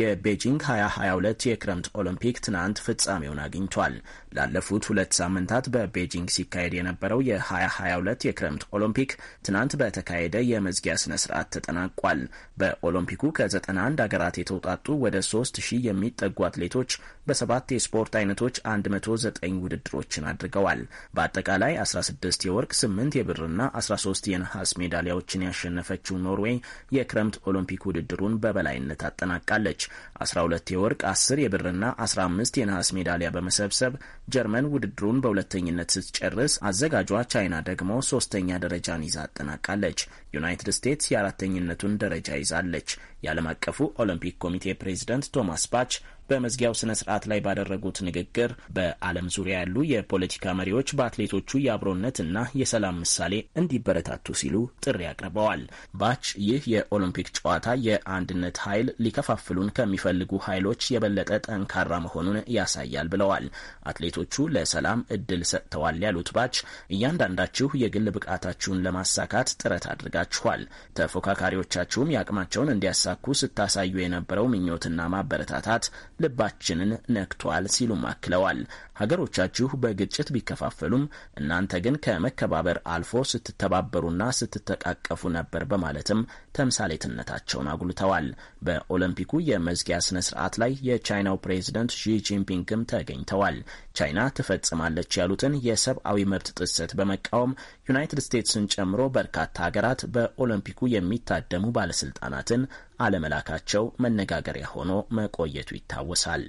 የቤጂንግ 2022 የክረምት ኦሎምፒክ ትናንት ፍጻሜውን አግኝቷል። ላለፉት ሁለት ሳምንታት በቤጂንግ ሲካሄድ የነበረው የ2022 የክረምት ኦሎምፒክ ትናንት በተካሄደ የመዝጊያ ስነ ስርዓት ተጠናቋል። በኦሎምፒኩ ከ91 ሀገራት የተውጣጡ ወደ 3000 የሚጠጉ አትሌቶች በሰባት የስፖርት አይነቶች 109 ውድድሮችን አድርገዋል። በአጠቃላይ 16 የወርቅ፣ 8 የብርና 13 የነሐስ ሜዳሊያዎችን ያሸነፈችው ኖርዌይ የክረምት ኦሎምፒክ ውድድሩን በበላይነት አጠናቃለች። 12 የወርቅ፣ 10 የብርና 15 የነሐስ ሜዳሊያ በመሰብሰብ ጀርመን ውድድሩን በሁለተኝነት ስትጨርስ፣ አዘጋጇ ቻይና ደግሞ ሶስተኛ ደረጃን ይዛ አጠናቃለች። ዩናይትድ ስቴትስ የአራተኝነቱን ደረጃ ይዛለች። የዓለም አቀፉ ኦሎምፒክ ኮሚቴ ፕሬዚደንት ቶማስ ባች በመዝጊያው ስነ ስርዓት ላይ ባደረጉት ንግግር በዓለም ዙሪያ ያሉ የፖለቲካ መሪዎች በአትሌቶቹ የአብሮነት እና የሰላም ምሳሌ እንዲበረታቱ ሲሉ ጥሪ አቅርበዋል። ባች ይህ የኦሎምፒክ ጨዋታ የአንድነት ኃይል ሊከፋፍሉን ከሚፈልጉ ኃይሎች የበለጠ ጠንካራ መሆኑን ያሳያል ብለዋል። አትሌቶቹ ለሰላም እድል ሰጥተዋል ያሉት ባች እያንዳንዳችሁ የግል ብቃታችሁን ለማሳካት ጥረት አድርጋችኋል። ተፎካካሪዎቻችሁም የአቅማቸውን እንዲያሳኩ ስታሳዩ የነበረው ምኞትና ማበረታታት ልባችንን ነክቷል ሲሉም አክለዋል። ሀገሮቻችሁ በግጭት ቢከፋፈሉም እናንተ ግን ከመከባበር አልፎ ስትተባበሩና ስትተቃቀፉ ነበር በማለትም ተምሳሌትነታቸውን አጉልተዋል። በኦሎምፒኩ የመዝጊያ ስነ ስርዓት ላይ የቻይናው ፕሬዝደንት ሺ ጂንፒንግም ተገኝተዋል። ቻይና ትፈጽማለች ያሉትን የሰብአዊ መብት ጥሰት በመቃወም ዩናይትድ ስቴትስን ጨምሮ በርካታ ሀገራት በኦሎምፒኩ የሚታደሙ ባለስልጣናትን አለመላካቸው መነጋገሪያ ሆኖ መቆየቱ ይታወሳል።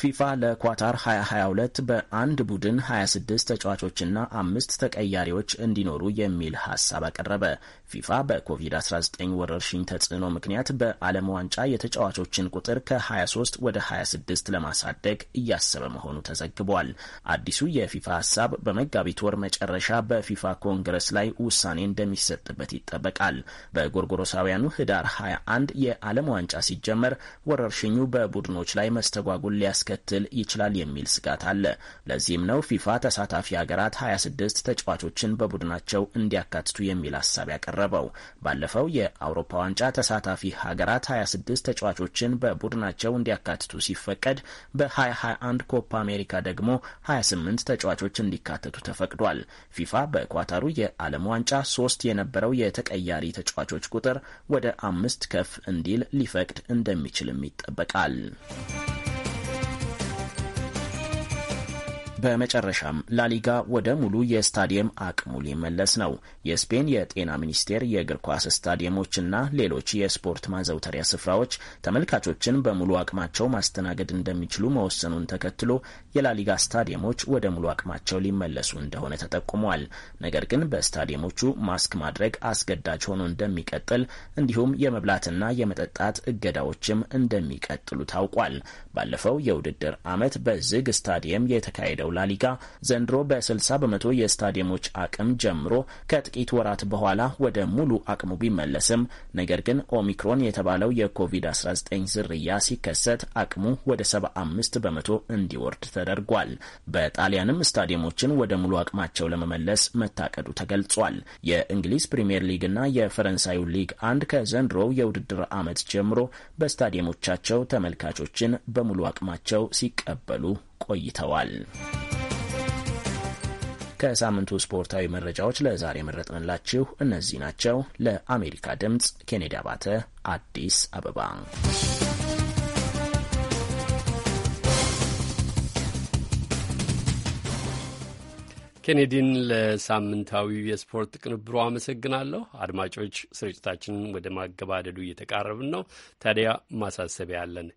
ፊፋ ለኳታር 2022 በአንድ ቡድን 26 ተጫዋቾችና አምስት ተቀያሪዎች እንዲኖሩ የሚል ሀሳብ አቀረበ። ፊፋ በኮቪድ-19 ወረርሽኝ ተጽዕኖ ምክንያት በዓለም ዋንጫ የተጫዋቾችን ቁጥር ከ23 ወደ 26 ለማሳደግ እያሰበ መሆኑ ተዘግቧል። አዲሱ የፊፋ ሀሳብ በመጋቢት ወር መጨረሻ በፊፋ ኮንግረስ ላይ ውሳኔ እንደሚሰጥበት ይጠበቃል። በጎርጎሮሳውያኑ ህዳር 21 የዓለም ዋንጫ ሲጀመር ወረርሽኙ በቡድኖች ላይ መስተጓጉል ሊያስከትል ይችላል የሚል ስጋት አለ። ለዚህም ነው ፊፋ ተሳታፊ ሀገራት 26 ተጫዋቾችን በቡድናቸው እንዲያካትቱ የሚል ሀሳብ ያቀረ የቀረበው። ባለፈው የአውሮፓ ዋንጫ ተሳታፊ ሀገራት 26 ተጫዋቾችን በቡድናቸው እንዲያካትቱ ሲፈቀድ በ2021 ኮፓ አሜሪካ ደግሞ 28 ተጫዋቾች እንዲካተቱ ተፈቅዷል። ፊፋ በኳታሩ የዓለም ዋንጫ ሶስት የነበረው የተቀያሪ ተጫዋቾች ቁጥር ወደ አምስት ከፍ እንዲል ሊፈቅድ እንደሚችልም ይጠበቃል። በመጨረሻም ላሊጋ ወደ ሙሉ የስታዲየም አቅሙ ሊመለስ ነው። የስፔን የጤና ሚኒስቴር የእግር ኳስ ስታዲየሞችና ሌሎች የስፖርት ማዘውተሪያ ስፍራዎች ተመልካቾችን በሙሉ አቅማቸው ማስተናገድ እንደሚችሉ መወሰኑን ተከትሎ የላሊጋ ስታዲየሞች ወደ ሙሉ አቅማቸው ሊመለሱ እንደሆነ ተጠቁሟል። ነገር ግን በስታዲየሞቹ ማስክ ማድረግ አስገዳጅ ሆኖ እንደሚቀጥል እንዲሁም የመብላትና የመጠጣት እገዳዎችም እንደሚቀጥሉ ታውቋል። ባለፈው የውድድር ዓመት በዝግ ስታዲየም የተካሄደው የቆየው ላሊጋ ዘንድሮ በ60 በመቶ የስታዲየሞች አቅም ጀምሮ ከጥቂት ወራት በኋላ ወደ ሙሉ አቅሙ ቢመለስም ነገር ግን ኦሚክሮን የተባለው የኮቪድ-19 ዝርያ ሲከሰት አቅሙ ወደ 75 በመቶ እንዲወርድ ተደርጓል። በጣሊያንም ስታዲየሞችን ወደ ሙሉ አቅማቸው ለመመለስ መታቀዱ ተገልጿል። የእንግሊዝ ፕሪምየር ሊግና የፈረንሳዩ ሊግ አንድ ከዘንድሮው የውድድር ዓመት ጀምሮ በስታዲየሞቻቸው ተመልካቾችን በሙሉ አቅማቸው ሲቀበሉ ቆይተዋል። ከሳምንቱ ስፖርታዊ መረጃዎች ለዛሬ የመረጥንላችሁ እነዚህ ናቸው። ለአሜሪካ ድምፅ ኬኔዲ አባተ፣ አዲስ አበባ። ኬኔዲን ለሳምንታዊው የስፖርት ቅንብሮ አመሰግናለሁ። አድማጮች፣ ስርጭታችንን ወደ ማገባደዱ እየተቃረብን ነው። ታዲያ ማሳሰቢያ ያለን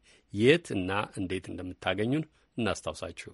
የት እና እንዴት እንደምታገኙን እናስታውሳችሁ።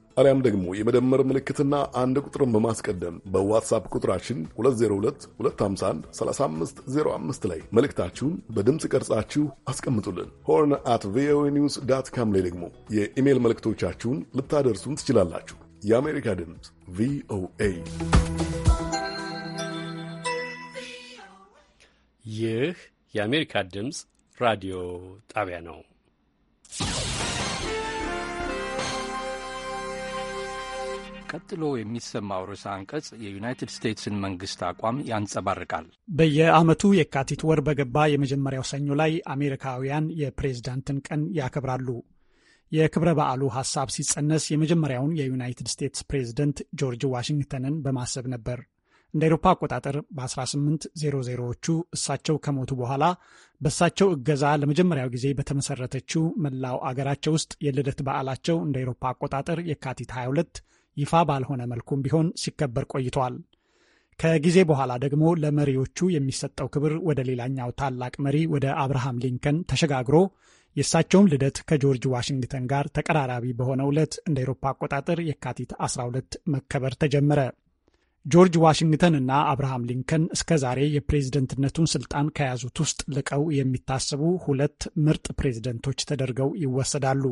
አሊያም ደግሞ የመደመር ምልክትና አንድ ቁጥርን በማስቀደም በዋትሳፕ ቁጥራችን 2022513505 ላይ መልእክታችሁን በድምፅ ቀርጻችሁ አስቀምጡልን። ሆርን አት ቪኦኤ ኒውስ ዳት ካም ላይ ደግሞ የኢሜይል መልእክቶቻችሁን ልታደርሱን ትችላላችሁ። የአሜሪካ ድምፅ ቪኦኤ ይህ የአሜሪካ ድምፅ ራዲዮ ጣቢያ ነው። ቀጥሎ የሚሰማው ርዕሰ አንቀጽ የዩናይትድ ስቴትስን መንግስት አቋም ያንጸባርቃል። በየዓመቱ የካቲት ወር በገባ የመጀመሪያው ሰኞ ላይ አሜሪካውያን የፕሬዝዳንትን ቀን ያከብራሉ። የክብረ በዓሉ ሐሳብ ሲጸነስ የመጀመሪያውን የዩናይትድ ስቴትስ ፕሬዝደንት ጆርጅ ዋሽንግተንን በማሰብ ነበር። እንደ አውሮፓ አቆጣጠር በ1800ዎቹ እሳቸው ከሞቱ በኋላ በእሳቸው እገዛ ለመጀመሪያው ጊዜ በተመሰረተችው መላው አገራቸው ውስጥ የልደት በዓላቸው እንደ አውሮፓ አቆጣጠር የካቲት 22 ይፋ ባልሆነ መልኩም ቢሆን ሲከበር ቆይተዋል። ከጊዜ በኋላ ደግሞ ለመሪዎቹ የሚሰጠው ክብር ወደ ሌላኛው ታላቅ መሪ ወደ አብርሃም ሊንከን ተሸጋግሮ የእሳቸውም ልደት ከጆርጅ ዋሽንግተን ጋር ተቀራራቢ በሆነ ዕለት እንደ ኤሮፓ አቆጣጠር የካቲት 12 መከበር ተጀመረ። ጆርጅ ዋሽንግተን እና አብርሃም ሊንከን እስከ ዛሬ የፕሬዝደንትነቱን ስልጣን ከያዙት ውስጥ ልቀው የሚታሰቡ ሁለት ምርጥ ፕሬዝደንቶች ተደርገው ይወሰዳሉ።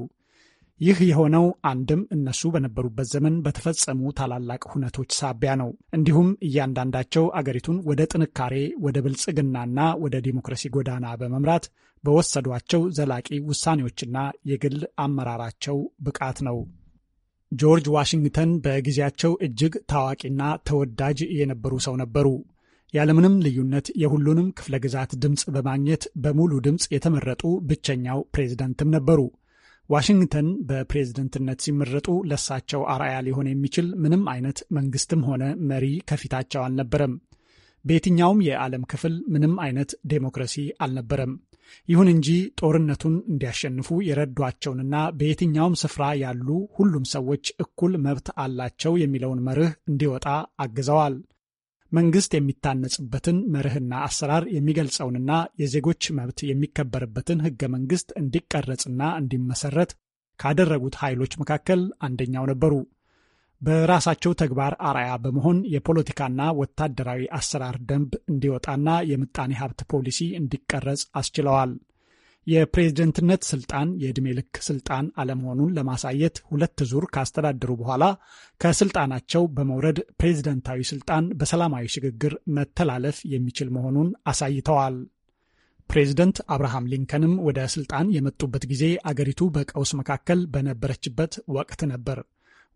ይህ የሆነው አንድም እነሱ በነበሩበት ዘመን በተፈጸሙ ታላላቅ ሁነቶች ሳቢያ ነው። እንዲሁም እያንዳንዳቸው አገሪቱን ወደ ጥንካሬ፣ ወደ ብልጽግናና ወደ ዲሞክራሲ ጎዳና በመምራት በወሰዷቸው ዘላቂ ውሳኔዎችና የግል አመራራቸው ብቃት ነው። ጆርጅ ዋሽንግተን በጊዜያቸው እጅግ ታዋቂና ተወዳጅ የነበሩ ሰው ነበሩ። ያለምንም ልዩነት የሁሉንም ክፍለ ግዛት ድምፅ በማግኘት በሙሉ ድምፅ የተመረጡ ብቸኛው ፕሬዝደንትም ነበሩ። ዋሽንግተን በፕሬዝደንትነት ሲመረጡ ለሳቸው አርአያ ሊሆን የሚችል ምንም አይነት መንግስትም ሆነ መሪ ከፊታቸው አልነበረም። በየትኛውም የዓለም ክፍል ምንም አይነት ዴሞክራሲ አልነበረም። ይሁን እንጂ ጦርነቱን እንዲያሸንፉ የረዷቸውንና በየትኛውም ስፍራ ያሉ ሁሉም ሰዎች እኩል መብት አላቸው የሚለውን መርህ እንዲወጣ አግዘዋል። መንግስት የሚታነጽበትን መርህና አሰራር የሚገልጸውንና የዜጎች መብት የሚከበርበትን ህገ መንግስት እንዲቀረጽና እንዲመሰረት ካደረጉት ኃይሎች መካከል አንደኛው ነበሩ። በራሳቸው ተግባር አርአያ በመሆን የፖለቲካና ወታደራዊ አሰራር ደንብ እንዲወጣና የምጣኔ ሀብት ፖሊሲ እንዲቀረጽ አስችለዋል። የፕሬዝደንትነት ስልጣን የዕድሜ ልክ ስልጣን አለመሆኑን ለማሳየት ሁለት ዙር ካስተዳደሩ በኋላ ከስልጣናቸው በመውረድ ፕሬዝደንታዊ ስልጣን በሰላማዊ ሽግግር መተላለፍ የሚችል መሆኑን አሳይተዋል። ፕሬዚደንት አብርሃም ሊንከንም ወደ ስልጣን የመጡበት ጊዜ አገሪቱ በቀውስ መካከል በነበረችበት ወቅት ነበር።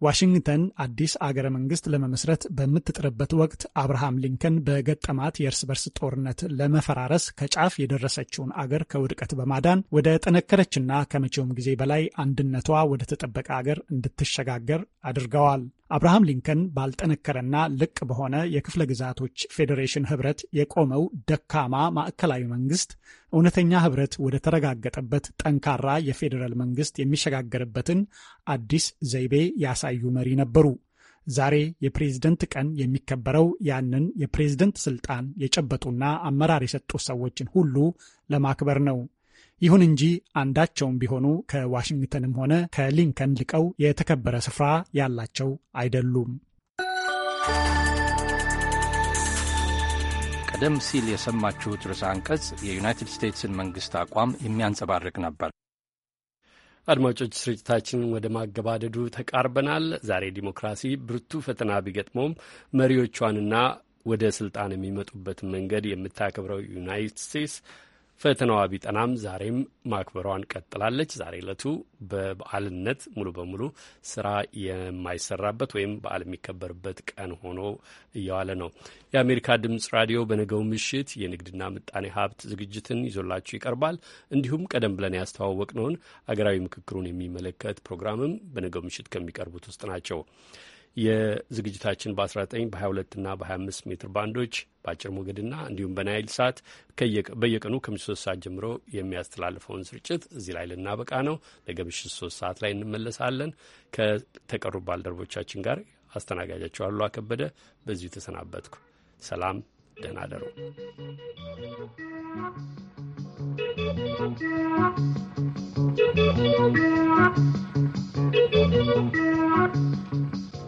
ዋሽንግተን አዲስ አገረ መንግስት ለመመስረት በምትጥርበት ወቅት አብርሃም ሊንከን በገጠማት የእርስ በርስ ጦርነት ለመፈራረስ ከጫፍ የደረሰችውን አገር ከውድቀት በማዳን ወደ ጠነከረችና ከመቼውም ጊዜ በላይ አንድነቷ ወደ ተጠበቀ አገር እንድትሸጋገር አድርገዋል። አብርሃም ሊንከን ባልጠነከረና ልቅ በሆነ የክፍለ ግዛቶች ፌዴሬሽን ህብረት የቆመው ደካማ ማዕከላዊ መንግስት እውነተኛ ህብረት ወደ ተረጋገጠበት ጠንካራ የፌዴራል መንግስት የሚሸጋገርበትን አዲስ ዘይቤ ያሳዩ መሪ ነበሩ። ዛሬ የፕሬዝደንት ቀን የሚከበረው ያንን የፕሬዝደንት ስልጣን የጨበጡና አመራር የሰጡ ሰዎችን ሁሉ ለማክበር ነው። ይሁን እንጂ አንዳቸውም ቢሆኑ ከዋሽንግተንም ሆነ ከሊንከን ልቀው የተከበረ ስፍራ ያላቸው አይደሉም። ቀደም ሲል የሰማችሁት ርዕሰ አንቀጽ የዩናይትድ ስቴትስን መንግስት አቋም የሚያንጸባርቅ ነበር። አድማጮች ስርጭታችንን ወደ ማገባደዱ ተቃርበናል። ዛሬ ዲሞክራሲ ብርቱ ፈተና ቢገጥመውም መሪዎቿንና ወደ ስልጣን የሚመጡበትን መንገድ የምታከብረው ዩናይትድ ስቴትስ ፈተናዋ ቢጠናም ዛሬም ማክበሯን ቀጥላለች። ዛሬ ዕለቱ በበዓልነት ሙሉ በሙሉ ስራ የማይሰራበት ወይም በዓል የሚከበርበት ቀን ሆኖ እየዋለ ነው። የአሜሪካ ድምፅ ራዲዮ በነገው ምሽት የንግድና ምጣኔ ሀብት ዝግጅትን ይዞላችሁ ይቀርባል። እንዲሁም ቀደም ብለን ያስተዋወቅነውን አገራዊ ምክክሩን የሚመለከት ፕሮግራምም በነገው ምሽት ከሚቀርቡት ውስጥ ናቸው። የዝግጅታችን በ19 በ22 እና በ25 ሜትር ባንዶች በአጭር ሞገድና እንዲሁም በናይል ሳት በየቀኑ ከምሽቱ 3 ሰዓት ጀምሮ የሚያስተላልፈውን ስርጭት እዚህ ላይ ልናበቃ ነው። ነገ ምሽት 3 ሰዓት ላይ እንመለሳለን። ከተቀሩ ባልደረቦቻችን ጋር አስተናጋጃቸው አሉ አከበደ በዚሁ ተሰናበትኩ። ሰላም፣ ደህና አደሩ።